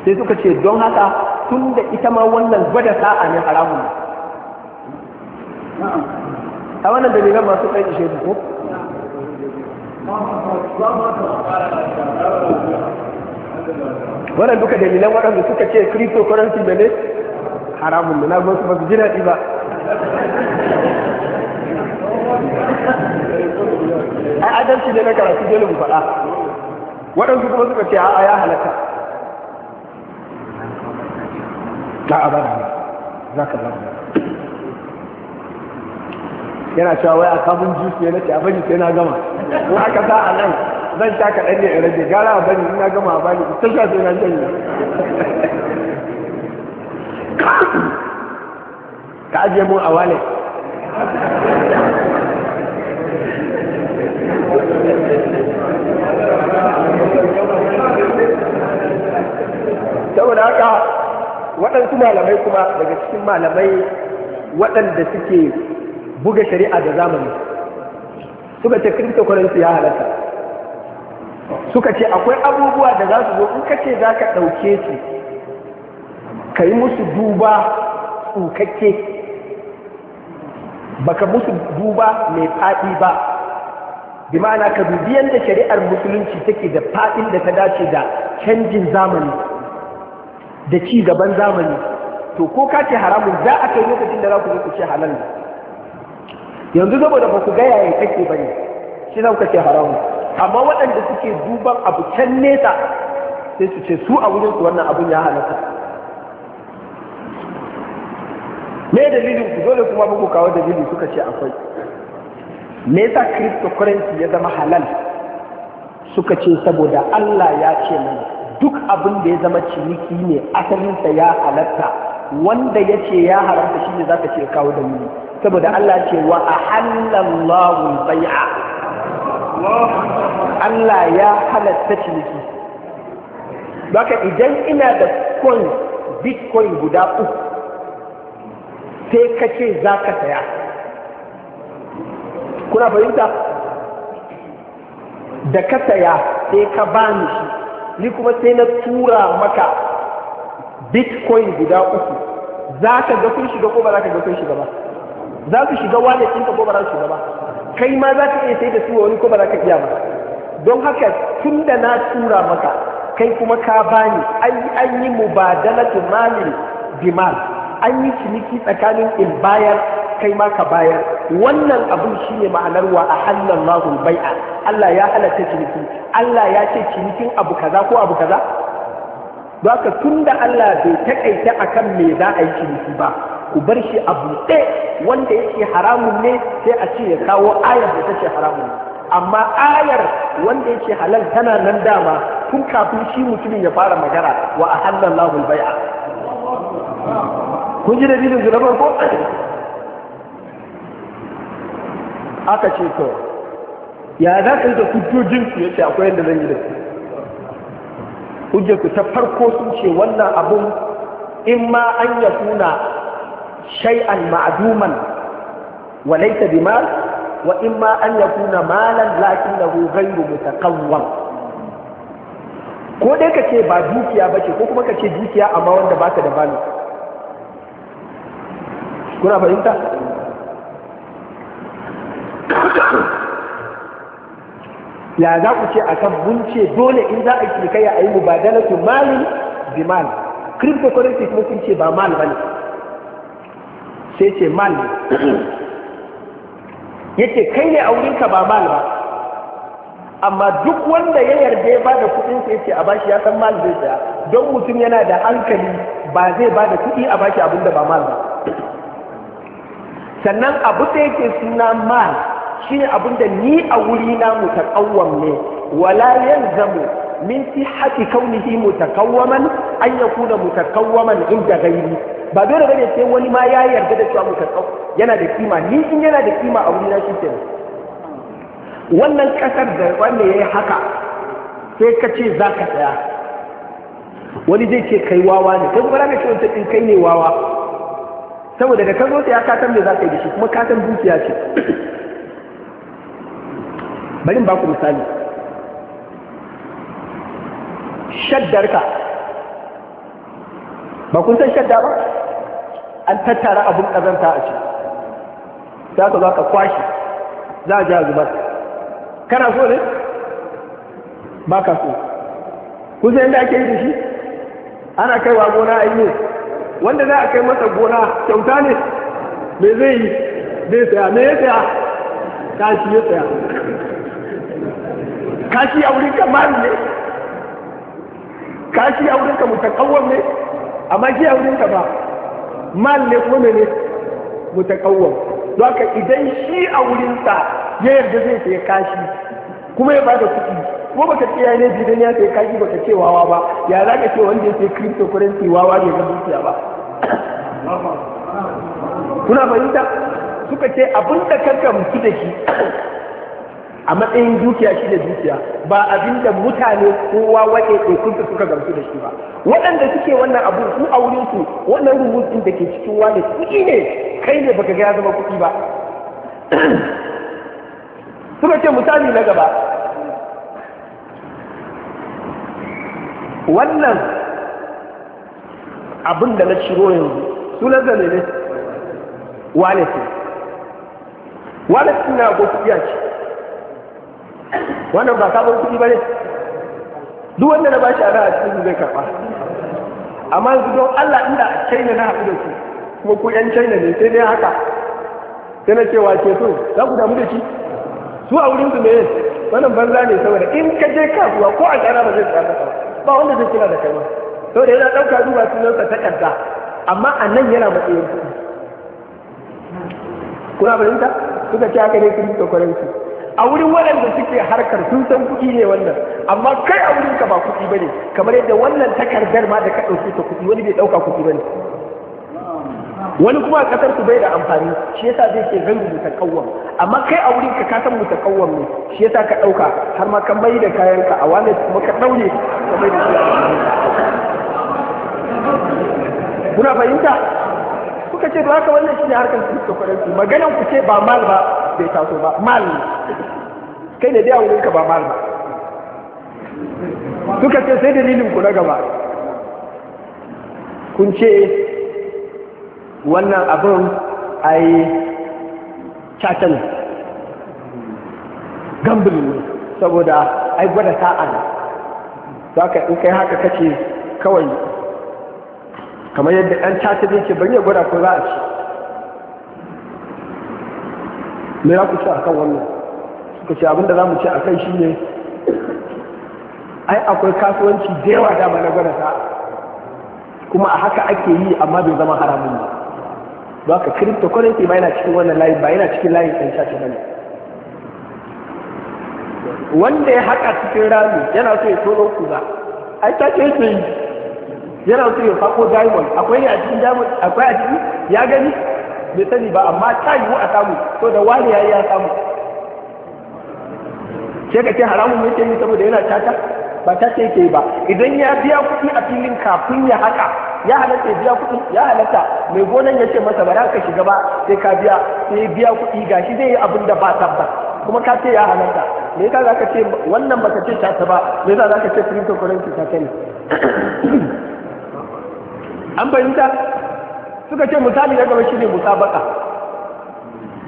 sai suka ce don haka tunda ita ma wannan gwada sa'a ne haramun a wannan dalilan masu ɗan ishe ko wannan duka dalilan waɗanda suka ce cryptocurrency da ne haramun da na ba su ba su ji daɗi ba ai adalci ne na karatu dole mu faɗa waɗansu kuma suka ce a'a ya halatta na abada za ka zama yana cewa wai a kamun juice na ce a bani sai na gama ko aka za a nan zan sha kaɗan ne in rage gara a bani ina gama a bani ta sha sai na janye ka ajiye mun a wale saboda haka waɗansu malamai kuma daga cikin malamai waɗanda suke buga shari'a da zamani suka ce cryptocurrency ya halatta suka ce akwai abubuwa da za su zo in ka ce za ka ɗauke su ka yi musu duba tsukakke ka musu duba mai faɗi ba bi ma'ana ka dubi yadda shari'ar musulunci take da faɗin da ta dace da canjin zamani da ci gaban zamani to ko ka ce haramun za a kai lokacin da za ku zo ku ce halal yanzu saboda ba ku gaya ya kake bane shi nan kake haramun amma waɗanda suke duban abu can nesa sai su ce su a wurin su wannan abun ya halatta me dalilin ku dole kuma muku kawo dalili suka ce akwai me yasa cryptocurrency ya zama halal suka ce saboda Allah ya ce mana duk abin da ya zama ciniki ne asalinsa ya halatta wanda ya ce ya haramta shi ne za ka ce kawo mu. saboda Allah ce wa a bai bai'a Allah ya halatta ciniki baka idan ina da coin bitcoin guda uku sai ka ce za ka saya kuna fahimta da ka saya sai ka bani shi ni kuma sai na tura maka bitcoin guda uku za ka ga sun shiga ko ba za ka ga sun shiga ba za su shiga wallet ɗinka ko ba za su shiga ba kai ma za ka iya sai da su wani ko ba za ka iya ba don haka tun da na tura maka kai kuma ka bani an yi mubadalatu malin dimal an yi ciniki tsakanin in bayar kai ma ka bayar wannan abun shi ne ma'anar wa a hannun mahul bai'a Allah ya halatta ciniki Allah ya ce cinikin abu kaza ko abu kaza don haka tun da Allah bai takaita akan me za a yi ciniki ba ku bar shi a buɗe wanda yake haramun ne sai a ce ya kawo ayar da take haramun amma ayar wanda yake halal tana nan dama tun kafin shi mutumin ya fara magana wa hannun al-bai'a kun ji dalilin zurabar ko aka ce to ya za ka yi da hujjojinsu ya ce akwai yadda zan yi da su hujjarku ta farko sun ce wannan abun in ma an ya kuna shay'an ma'aduman wa laysa bimal wa in ma an ya kuna malan lakinnahu ghayru mutaqawwam ko dai ka ce ba dukiya ba ce ko kuma ka ce dukiya amma wanda ba baka da balu kuna fahimta ya za ku ce a kan mun ce dole in za a yi kai a yi mubadalatu mali bi mal cryptocurrency kuma kun ce ba mal bane sai ce mal ne yace kai ne a wurinka ba mal ba amma duk wanda ya yarda ya ba da kuɗin sai ce a bashi ya san mal zai tsaya don mutum yana da hankali ba zai ba da kuɗi a bashi abinda ba mal ba sannan abu da yake suna mal shine abin da ni a wuri na mutakawwam ne wala yalzamu min sihhati kaunihi mutakawwaman an ya yakuna mutakawwaman inda gairi. ba dole bane sai wani ma ya yarda da cewa mutakawwam yana da kima ni in yana da kima a wuri na shi kenan wannan kasar da wanda yi haka sai ka ce za ka tsaya wani zai ce kai wawa ne kai kuma za ka ce wancan ɗin kai ne wawa saboda da ka zo tsaya ka san me za ka yi da shi kuma ka dukiya ce bari ba ku misali shaddarka ba kun san shadda ba an tattara abun ƙazanta a ce za ka za ka kwashi za a ja zubar kana so ne ba ka so kun san yadda ake yi da shi ana kaiwa gona a yi wanda za a kai masa gona kyauta ne me zai yi zai tsaya me ya tsaya kashi ya tsaya kashi a wurin ka mari ne kashi a wurin ka mutakawwam ne amma shi a wurin ka ba mal ne kuma ne mutakawwam don ka idan shi a wurin sa ya yarda zai sai kashi kuma ya bada kuɗi kuma baka ce ya ne idan ya sai kashi baka ce wawa ba ya za ka ce wanda ya sai cryptocurrency wawa ne ga dukiya ba kuna fahimta suka ce abin da ka gamsu da shi a matsayin dukiya shi da dukiya ba abin da mutane kowa waɗe ɗaikun da suka gamsu da shi ba waɗanda suke wannan abu su a wurin su wannan rubutun da ke cikin wani kuɗi ne kai ne baka ga ya zama kuɗi ba [CLEARS THROAT] suka ce misali na gaba wannan abin da na ciro yanzu sunan zane ne wallet wallet na gosu iya ce wannan ba sabon kuɗi ba ne duk wanda na bashi ara a cikin zai karɓa amma yanzu don Allah inda a China na haɗu da ku kuma ku ƴan China ne sai dai haka sai na cewa ke so za ku damu da shi su a wurin su ne wannan banza ne saboda in ka je kasuwa ko a tsara ba zai tsara ba ba wanda zai kira da kai ma saboda yana ɗauka duba sunansa takarda amma a nan yana matsayin kuna fahimta suka ce haka ne da kwaranci a wurin waɗanda suke harkar sun san kuɗi ne wannan amma kai a wurin ka ba kuɗi bane kamar yadda wannan takardar ma da ka ɗauke ta kuɗi wani bai ɗauka kuɗi bane wani kuma a ƙasar su bai da amfani shi yasa zai ce zan mutakawwam amma kai a wurin ka mu mutakawwam ne shi yasa ka ɗauka, har ma ka mai da kayan ka a wallet kuma ka ɗaure ka mai da shi kuna fahimta kuka ce ba haka wannan shine harkar cryptocurrency maganan ku ce ba mal ba bai taso ba mal kai ne dai a ka ba mal ba ka ce sai dalilin ku na gaba kun ce wannan abin ai chatan gambling saboda ai gwada sa'a ne za ka in kai haka kake kawai kamar yadda ɗan chatan yake bari ya gwada ko za a ci me za ku ce akan wannan suka ce abinda za mu ce akan shi ne ai akwai kasuwanci da yawa dama na gwada ta kuma a haka ake yi amma bai zama haramun ba ba ka kiripto kwanaki ba yana cikin wannan layin ba yana cikin layin ɗan shafi ba ne wanda ya haka cikin rami yana so ya tono ba ai ta ce yake yi yana so ya fako diamond akwai a cikin diamond akwai a cikin ya gani bai sani ba amma ta yiwu a samu to da wani ya samu sai ka ce haramun yake yi saboda yana caca? ba ta ce ke ba idan ya biya kuɗi a filin kafin ya haka ya halatta ya biya kuɗi ya halatta mai gonan ya ce masa ba za ka shiga ba sai ka biya sai biya kuɗi ga shi zai yi abin da ba tabbas kuma ka ce ya halatta me yasa za ka ce wannan ba ka ce caca ba me yasa za ka ce cryptocurrency ta ne [COUGHS] an fahimta suka ce misali na gaba shine musabaka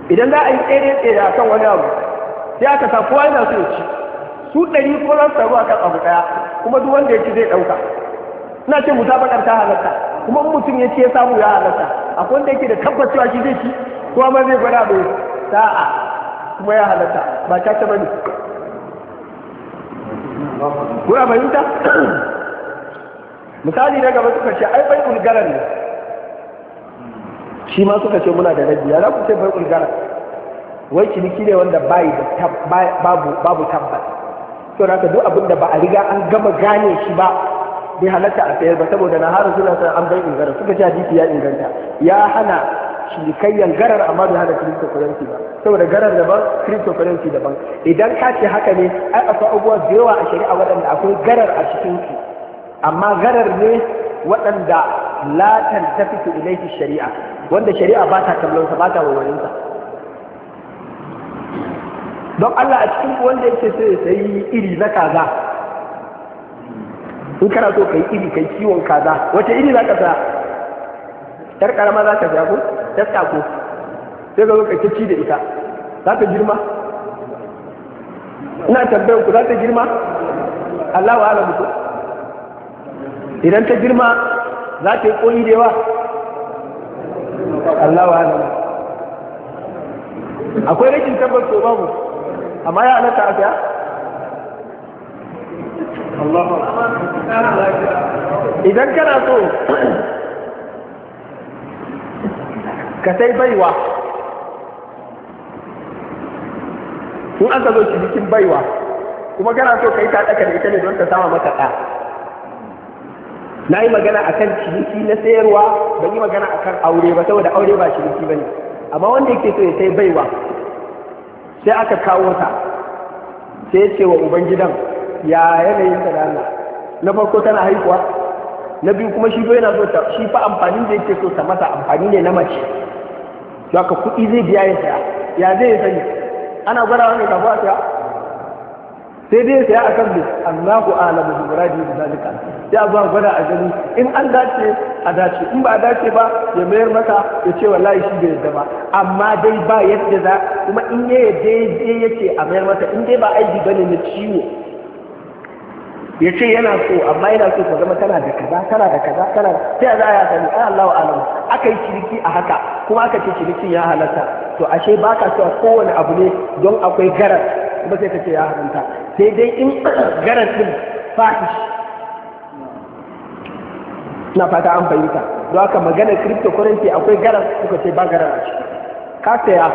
idan za a yi tsere tsere a kan wani abu sai aka sa kowa yana so ya ci su ɗari ko za su taru a kan abu ɗaya kuma duk wanda ya ci zai ɗauka ina ce musabakar ta halatta kuma in mutum ya ci ya samu ya halatta akwai wanda yake da cewa shi zai ci kuma ma zai gwada bai sa'a kuma ya halatta ba ta ta bane kuna fahimta [COUGHS] misali na gaba suka ce ai bai ulgaran ne shi ma suka ce muna da rabi ya za ku ce bai ulgara wai ciniki ne wanda bai da babu babu tabbas to haka duk abin da ba a riga an gama gane shi ba bai halatta a sayar ba saboda na haru suna san an bai ingara suka ce hadisi ya inganta ya hana cinikayyar garar amma bai hana cryptocurrency ba saboda garar daban cryptocurrency daban idan ka ce haka ne ai akwai abubuwa da yawa a shari'a waɗanda akwai garar a cikin su amma garar ne waɗanda latar ta fito ilaihi shari'a wanda shari'a ba ta kallon ba ta wawarinsa don Allah a cikin wanda yake sai ya sayi iri na kaza in kana so kai iri kai kiwon kaza wace iri za ka saya yar ƙarama za ka saya ko ta tsako sai ka zo ka ci da ita za ta girma ina tambayar ku za ta girma Allah wa ala mutum idan ta girma za ta yi koyi da yawa Allah wa hana akwai rikin tabbas to babu amma ya halatta a ta idan kana so ka sai baiwa in aka zo cikin baiwa kuma kana so ka yi ta ɗaka da ita ne don ta sama maka ɗa na yi magana a kan ciniki na sayarwa ban yi magana a kan aure ba saboda aure ba ciniki ba ne amma wanda yake so ya sai baiwa sai aka kawo ta sai ya ce wa ubangidan ya yanayin ta da na farko tana haihuwa na biyu kuma shi yana so shi fa amfani da yake so ta masa amfani ne na mace to aka kuɗi zai biya ya saya ya zai ya sani ana gwada wani kafin a saya sai dai ya saya akan bis Allahu a'lamu bi muradi bi zalika ya zuwa gwada a gani in an dace a dace in ba a dace ba ya mayar maka ya ce wallahi shi bai yadda ba amma dai ba yadda za kuma in ya yadda ya ce a mayar maka in dai ba aiki ba ne na ciwo ya ce yana so amma yana so ka zama tana da kaza tana da kaza tana da sai za a ya sani ai wa alam aka yi ciniki a haka kuma aka ce cinikin ya halatta to ashe baka so kowane abu ne don akwai garas kuma sai ka ce ya halatta sai dai in [CLEARS THROAT] garar din fahish na fata an fahimta don haka magana cryptocurrency akwai garan suka ce ba garan a ciki ka saya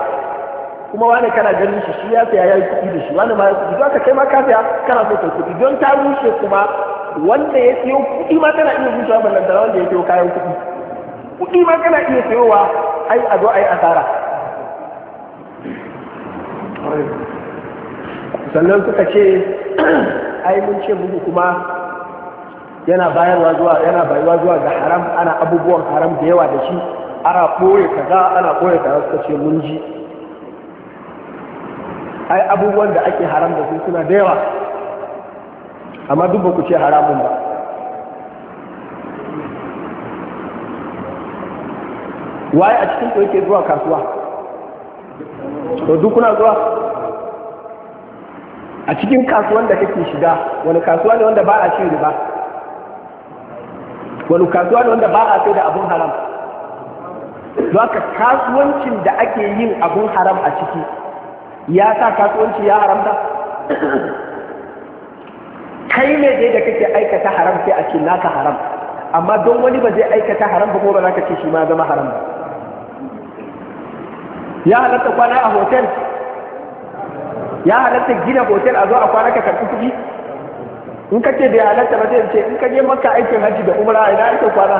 kuma wani kana ganin shi shi ya saya ya yi kuɗi da shi wani ma ya kuɗi don haka kai ma ka saya kana so kai kuɗi don ta rushe kuma wanda ya siyo kuɗi ma tana iya wa ballanta wanda ya siyo kayan kuɗi kuɗi ma kana iya siyowa ai a zo ai asara sannan suka ce [CLEARS THROAT] ai mun ce muku kuma yana bayarwa zuwa yana bayarwa zuwa ga haram ana abubuwan haram da yawa da shi ana koye kaza ana koye kaza suka ce mun ji ai abubuwan da ake haram da su suna da yawa amma duk ba ku ce haramun ba waye a cikin ku yake zuwa kasuwa to duk kuna zuwa a cikin kasuwan da kake shiga wani kasuwa ne wanda ba a ci riba wani kasuwa ne wanda ba a sai da abun haram don ka kasuwancin da ake yin abun haram a ciki ya sa kasuwanci ya haramta kai ne dai da kake aikata haram sai a ce naka haram amma don wani ba zai aikata haram ba ko ba za ka ce shi ma zama haram ba ya halatta kwana a hotel ya halatta gina hotel a zo a kwana ka karɓi kuɗi in ka ce bai halatta ba zai ce in ka je maka aikin hajji da umra ina ake kwana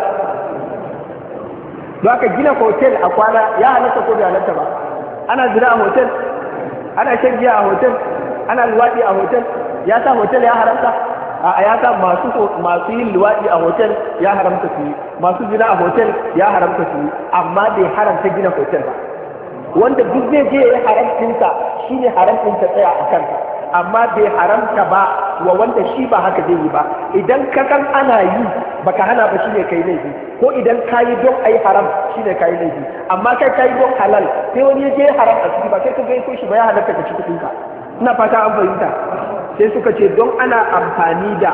za ka gina hotel a kwana ya halatta ko bai halatta ba ana zira a hotel ana shan giya a hotel ana luwaɗi a hotel ya sa hotel ya haramta a ya sa masu yin luwaɗi a hotel ya haramta su yi masu zina a hotel ya haramta su yi amma bai haramta gina hotel ba wanda duk zai je ya haramcinsa shi ne haramcinsa tsaya a kanta. amma bai haramta ba wa wanda shi ba haka zai yi ba idan ka san ana yi baka hana ba shine kai laifi ko idan ka yi don ayi haram shine kai laifi amma kai ka yi don halal sai wani ya je haram a ciki ba sai ka gaiko shi ba ya halarta ka ci kuɗin ka ina fata an fahimta sai suka ce don ana amfani da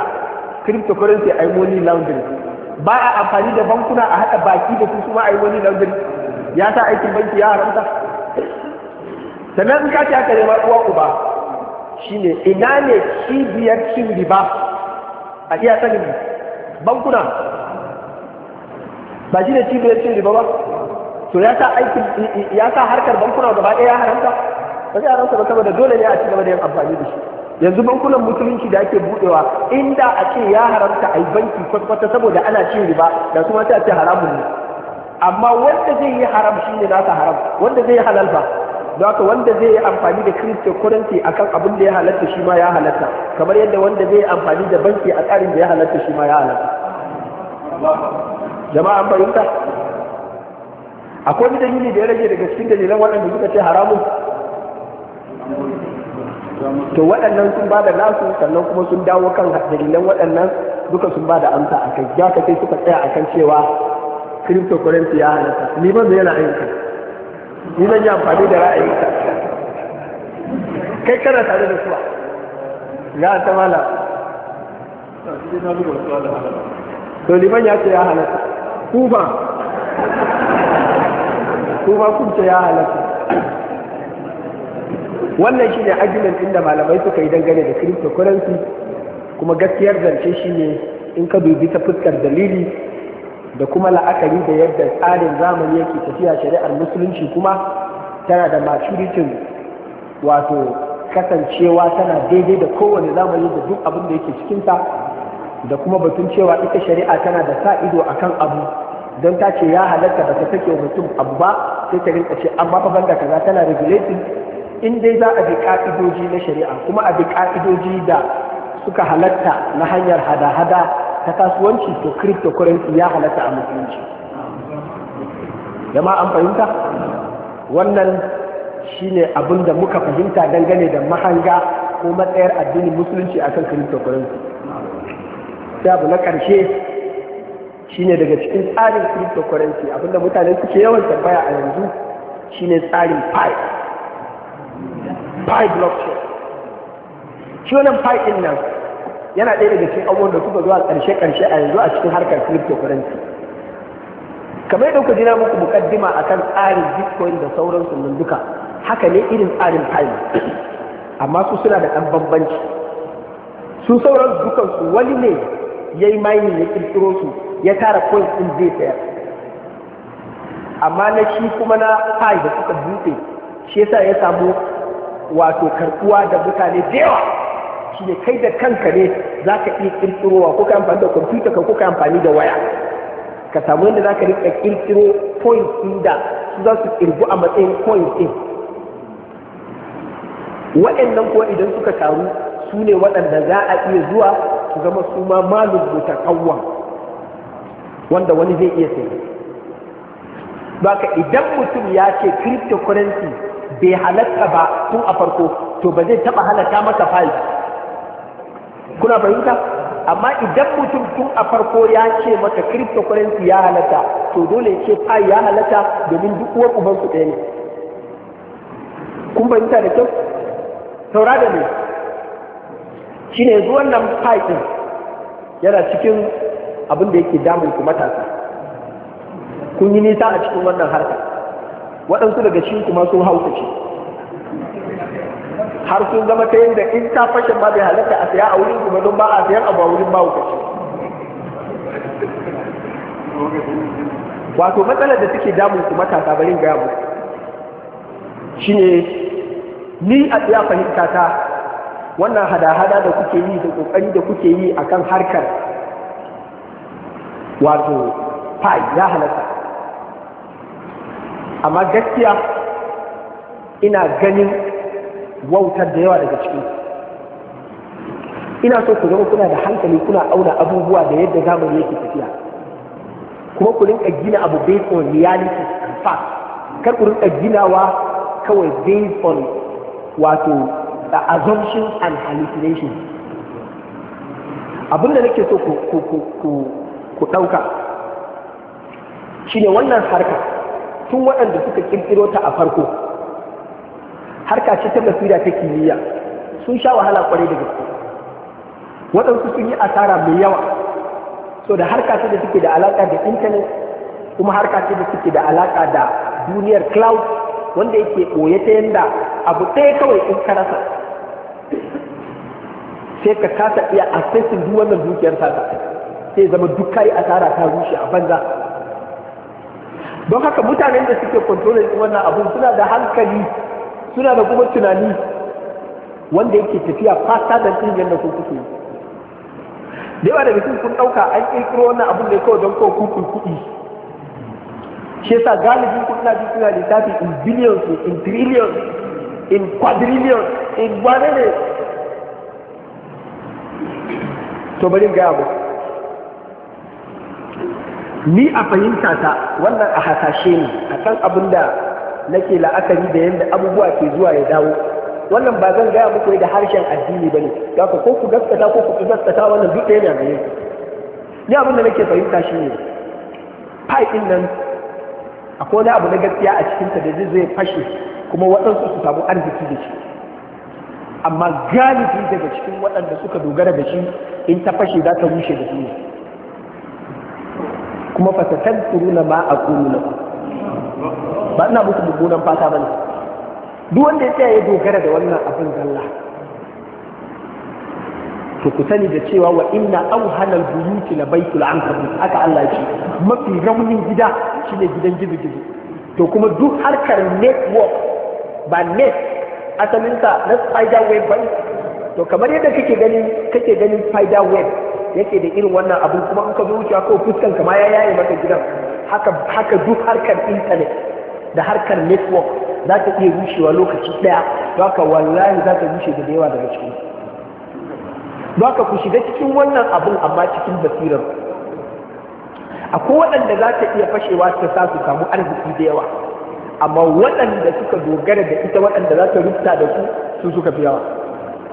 cryptocurrency ai money laundering ba a amfani da bankuna a haɗa baki da su kuma ai money laundering ya sa aikin banki ya haramta sannan in ka ce haka ne ma uwa uba shine ina ne cibiyar cin riba a iya sanin bankuna ba shi ne cibiyar cin riba ba to ya sa ya sa harkar bankuna gaba ɗaya ya haramta ba zai haramta ba saboda dole ne a ci gaba da yin amfani da shi yanzu bankunan musulunci da ake budewa inda a ce ya haramta a yi banki kwata saboda ana cin riba da su mata ce haramun ne amma wanda zai yi haram shi ne nasa haram wanda zai yi halal ba Zaka haka wanda zai yi amfani da cryptocurrency akan abin da ya halatta shi ma ya halatta kamar yadda wanda zai yi amfani da banki a tsarin da ya halatta shi ma ya halatta jama'a an a akwai wani dalili da ya rage daga cikin dalilan waɗanda suka ce haramun to waɗannan sun ba da nasu sannan kuma sun dawo kan dalilan waɗannan duka sun ba da amsa a kai ya ka suka tsaya akan cewa cryptocurrency ya halatta liman da yana aiki. ni zan yi amfani da ra'ayinka kai kana tare da suwa ga ta mala to liman ya ce ya halatta ku ba ku ba kun ce ya halatta wannan shine argument inda malamai suka yi dangane da cryptocurrency kuma gaskiyar zance shine in ka dubi ta fuskar dalili da kuma la'akari da yadda tsarin zamani yake tafiya shari'ar musulunci kuma tana da maturitin wato kasancewa tana daidai da kowane zamani da duk abin da yake cikinta da kuma batun cewa ita shari'a tana da sa ido kan abu don ta ce ya halatta ba ta take mutum abu ba sai ta rinka ce amma fa banda kaza tana regulating in dai za a bi ka'idoji na shari'a kuma a bi ka'idoji da suka halatta na hanyar hada-hada ta kasuwanci to cryptocurrency ya halatta a musulunci jama an fahimta wannan shine abin da muka fahimta dangane da mahanga ko matsayar addinin musulunci akan cryptocurrency sai abu na ƙarshe shine daga cikin tsarin cryptocurrency abinda mutane suke yawan tambaya a yanzu shine tsarin pi pi blockchain shi wannan pi din nan yana ɗaya daga cikin abubuwan da suka zuwa ƙarshe-ƙarshe a yanzu a cikin harkar cryptocurrency kamar yadda kuka jina muku mukaddima akan tsarin bitcoin da sauransu su duka haka ne irin tsarin time amma su suna da ɗan bambanci su sauran dukansu wani ne ya yi mining ya ƙirƙiro su ya tara coins ɗin zai sayar amma na shi kuma na fai da suka dutse shi yasa ya samu wato karɓuwa da mutane da yawa shi ne kai da kanka ne za ka iya ƙirƙirowa ko ka amfani da kwamfuta ka ko ka amfani da waya ka samu yadda za ka riƙa ƙirƙiro point ɗin da su za su ƙirgu a matsayin point ɗin waɗannan kuwa idan suka taru su ne waɗanda za a iya zuwa su zama su ma malum mutakawwa wanda wani zai iya sayi baka idan mutum ya ce cryptocurrency bai halatta ba tun a farko to ba zai taɓa halatta masa fayi kuna fahimta amma idan mutum tun a farko ya ce mata cryptocurrency ya halatta to dole ya ce pi ya halatta domin duk uwar uban su ɗaya ne kun fahimta da kyau saura da ne shine yanzu wannan pi din yana cikin abin da yake damun ku matasa kun yi nisa a cikin wannan harka waɗansu daga cikin kuma sun ce har sun zama ta yadda in ta fashe ba bai halatta a saya a wurin kuma don ba a sayan abu a wurin ba kashi wato matsalar da suke damun ku matasa barin gaya mu shine ni a tsaya fahimta ta wannan hada-hada da kuke yi da kokari da kuke yi akan harkar wato fai ya halatta amma gaskiya ina ganin wautar da yawa daga cikin ina so ku zama kuna da hankali kuna auna abubuwa da yadda zamani yake tafiya kuma ku rinka gina abu based on reality and fact kar ku rinka ginawa kawai based on wato the assumptions and hallucinations abin da nake so ku ɗauka shine wannan harka tun waɗanda suka ƙirƙiro ta a farko harka ce ta basira ta kimiyya sun sha wahala kwarai da gaske waɗansu sun yi asara mai yawa so da harka ce da suke da alaƙa da intanet kuma harka ce da suke da alaƙa da duniyar cloud wanda yake ɓoye ta yanda abu ɗaya kawai in karasa, sai ka kasa iya asesin duk wannan dukiyar ta sai zama duk kai asara ta rushe a banza don haka mutanen da suke controlling wannan abu suna da hankali suna da kuma tunani wanda yake tafiya fata da ɗin da ku kuke da yawa daga cikin kun ɗauka an ƙirƙiro wannan abin da ya kawo don kawo kukun kuɗi shi yasa galibin kun na ji suna lissafi in billions in trillions in quadrillions in gwane ne to bari gaya ba ni a fahimta ta wannan a hasashe ne a kan abin da nake la'akari da yadda abubuwa ke zuwa ya dawo wannan ba zan gaya muku da harshen addini ba ne ga ko ku gaskata ko ku gaskata wannan duk ɗaya ne gare ni abin da nake fahimta shi ne ɗin nan akwai wani abu na gaskiya a cikinta da zai zai fashe kuma waɗansu su samu arziki da shi amma galibi daga cikin waɗanda suka dogara da shi in ta fashe za ta rushe da su ne kuma fasatan turuna ma a kuru na ba ina musu mummunan fata bane duk wanda ya tsaya ya dogara da wannan abin zalla to ku sani da cewa wa inna auhanal buyuti la baitul ankabut Aka Allah ji. ce mafi raunin gida shine gidan gizo-gizo to kuma duk harkar network ba net asalinsa na spider web ba to kamar yadda kake ganin kake ganin spider web yake da irin wannan abu kuma in ka zo wucewa ko fuskan ma ya yaye maka gidan haka haka duk harkar internet da harkar network za ta iya rushewa lokaci daya, don haka wallahi za ta rushe da yawa daga cikin don ka ku shiga cikin wannan abin amma cikin basirar akwai waɗanda za ta iya fashewa ta sa su samu arziki da yawa amma waɗanda suka dogara da ita waɗanda za ta rubuta da su su suka fi yawa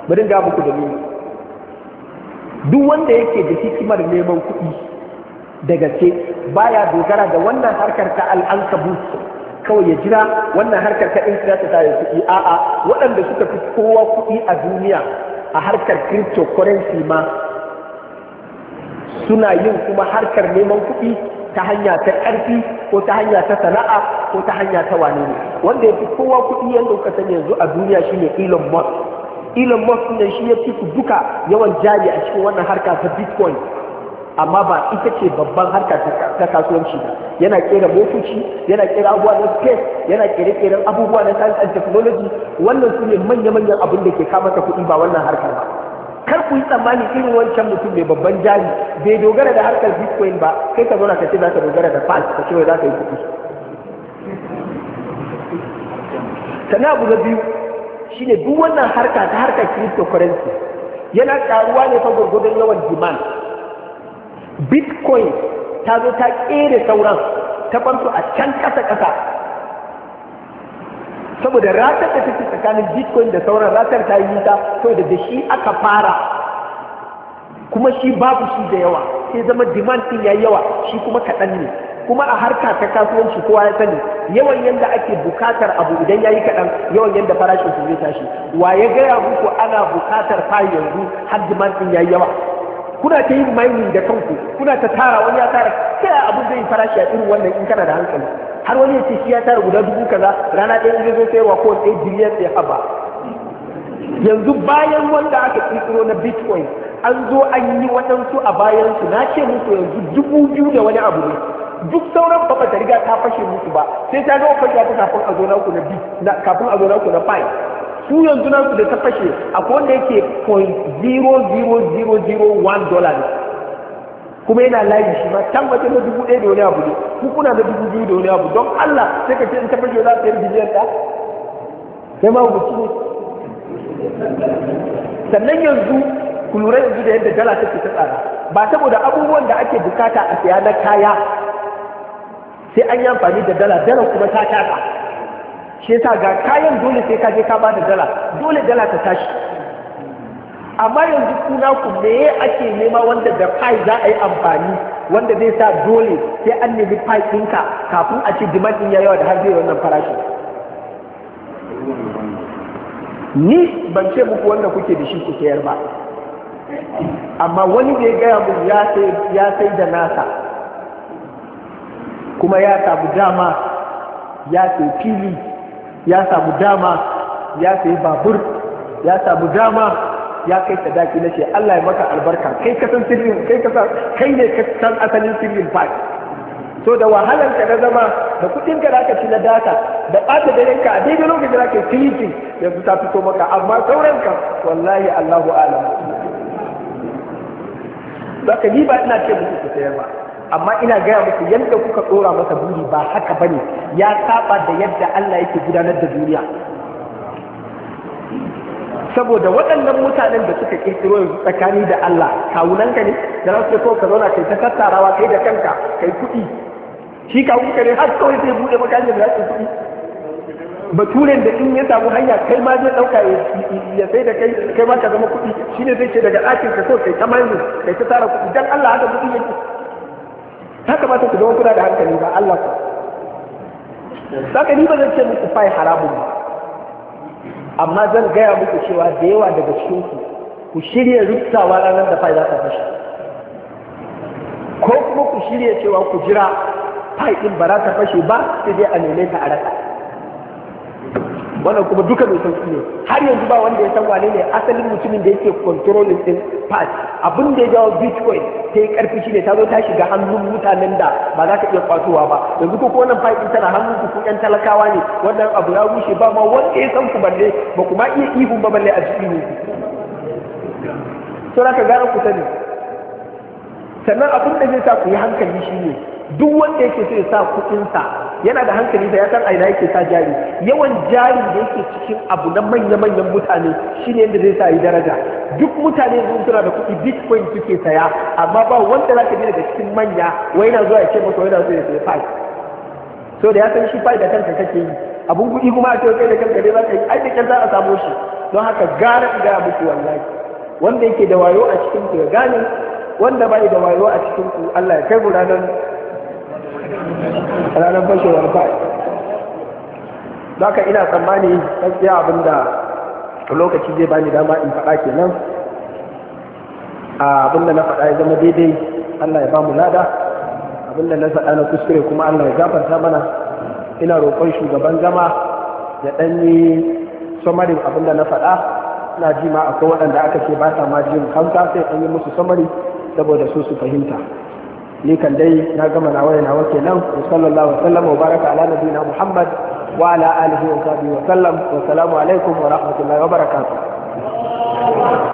bari ga muku nuna duk wanda yake da hikimar neman kuɗi da gaske baya dogara da wannan harkar ta al'anka al'ankabut kawai ya jira wannan harkar kaɗin za ta tare kuɗi a'a waɗanda suka fi kowa kuɗi a duniya a harkar cryptocurrency ma suna yin kuma harkar neman kuɗi ta hanya ta ƙarfi ko ta hanya ta sana'a ko ta hanya ta wane ne wanda ya fi kowa kuɗi yadda kuka sani yanzu a duniya shine Elon Musk Elon Musk ne shi ya fi duka yawan jari a cikin wannan harka ta Bitcoin amma ba ita ce babban harka ta kasuwanci ba yana kera motoci yana kera abubuwa na space yana kere kere abubuwa na science and technology wannan su ne manya-manyan abin da ke kama ka kuɗi ba wannan harkar ba kar ku yi tsammani irin wancan mutum mai babban jari bai dogara da harkar bitcoin ba kai ka zauna ka ce za ka dogara da fas ka ce wai za ka yi kuɗi sana abu na biyu shine duk wannan harka ta harkar cryptocurrency yana karuwa ne ta gwargwadon yawan demand bitcoin ta zo ta ƙere sauran ta farko a can kasa-kasa saboda ratar da take tsakanin bitcoin da sauran ratar ta yi nisa saboda da shi aka fara kuma shi babu shi da yawa sai zama demand ɗin ya yawa shi kuma kaɗan ne kuma a harka ta kasuwanci kowa ya sani yawan yadda ake bukatar abu idan ya yi kaɗan yawan yadda farashin su zai tashi wa ya gaya muku ana bukatar fa yanzu har demand ɗin ya yawa kuna ta yin mining da kanku kuna ta tara wani ya tara sai abin zai farashi a irin wannan in kana da hankali har wani ya ce shi ya tara guda dubu kaza rana ɗaya zai sayarwa ko ɗaya biliyan ɗaya haba yanzu bayan wanda aka kirkiro na bitcoin an zo an yi waɗansu a bayansu na ce musu yanzu dubu biyu da wani abu ne duk sauran ba ta riga ta fashe musu ba sai ta gama fashe ta kafin a zo na na kafin a zo na na su yanzu na su da ta fashe akwai wanda yake 0.00001 dollar ne kuma yana layi shi ma waje na dubu ɗaya da wani abu ne ku kuna na dubu biyu da wani abu don Allah sai ka ce in ta fashe za ta yi biliyan ɗa sai ma hukunci ne sannan yanzu ku lura yanzu da yadda dala take ta tsara ba saboda abubuwan da ake bukata a siya na kaya sai an yi amfani da dala dala kuma ta kasa shi yasa ga kayan dole sai ka je ka bada dala dole dala ta tashi amma yanzu kuna ku me ake nema wanda da fai za a yi amfani wanda zai sa dole sai an nemi fai ɗinka kafin a ci demand ɗin ya yawa da har zai wannan farashi. ni ban ce muku wanda kuke da shi ku sayar ba amma wani da ya gaya mun ya sai da nasa kuma ya tabu dama ya sai fili ya samu dama ya sayi babur ya samu dama ya kai sadaki na ce Allah ya maka albarka kai ka san sirrin kai ka san kai ne ka san asalin sirrin fa so da wahalar ka na zama da kudin ka zaka ci na data da bata da ranka a daidai lokacin da zaka yi yanzu ta fito maka amma sauran ka wallahi Allahu a'lam zaka yi ba ina ce muku ku sayar ba amma ina gaya muku yadda kuka tsora masa buri ba haka bane ya saba da yadda Allah yake gudanar da duniya saboda waɗannan mutanen da suka kirkiro yanzu tsakani da Allah ka ne da za su ka zauna kai ta tattarawa kai da kanka kai kuɗi shi kawun ka ne har kawai zai buɗe maka hanyar da su kuɗi baturen da in ya samu hanya kai ma zai ɗauka ya sai da kai kai ma ka zama kuɗi shi ne zai ce daga ɗakin ka so kai ta mayu kai ta tara kuɗi dan Allah haka kuɗi yake ta kamata ku zama kuna da hankali ba Allah ku saka ni ba zan ce muku fai haramun ba amma zan gaya muku cewa da yawa daga cikin ku ku shirya rubtawa ranar da fai za ta fashe ko kuma ku shirya cewa ku jira fai din ba za ta fashe ba sai dai a neme ta a raka wannan kuma duka mai sauki ne har yanzu ba wanda ya san wane ne asalin mutumin da yake controlling din pass abin da ya jawo bitcoin ta yi karfi shi ne ta zo ta shiga hannun mutanen da ba za ka iya kwatowa ba yanzu ko wannan din tana hannun ku kun yan talakawa ne wannan abu ya rushe ba ma wanda ya san ku balle ba kuma iya ihun ba balle a cikin ne to ka gane ku sani sannan abin da zai sa ku yi hankali shi ne duk wanda yake so ya sa kuɗinsa yana da hankali da ya san aina yake sa jari yawan jari da yake cikin abu na manya-manyan mutane shine yadda zai sa yi daraja duk mutane yanzu suna da kuɗi bitcoin suke saya amma ba wanda za ka je daga cikin manya wai yana zuwa ya ce masa wai yana zuwa ya sayi fai so da ya san shi fai da kanka kake yi abun kuɗi kuma a cewa kai da kanka dai za ka yi ai da za a samo shi don haka gara in gaya muku wallahi wanda yake da wayo a cikin ku ya gane wanda bai da wayo a cikin ku Allah ya kai mu ranar fashewar baka ina tsammani gaskiya abin da lokaci zai bani dama in faɗa kenan abin da na faɗa ya zama daidai Allah ya ba mu lada abin da na faɗa na kuskure kuma Allah ya gafarta mana ina roƙon shugaban zama ya ɗan yi samarin abin da na faɗa ina ji ma akwai waɗanda aka ce ba sa ma jin kansa sai ɗan yi musu samari saboda su su fahimta ni kan dai na gama na waya na nawa kenan wa sallallahu alaihi wasallam wa baraka ala nabiyina muhammad wa ala alihi wa sahbihi wa sallam wa salamu alaikum wa rahmatullahi wa barakatuh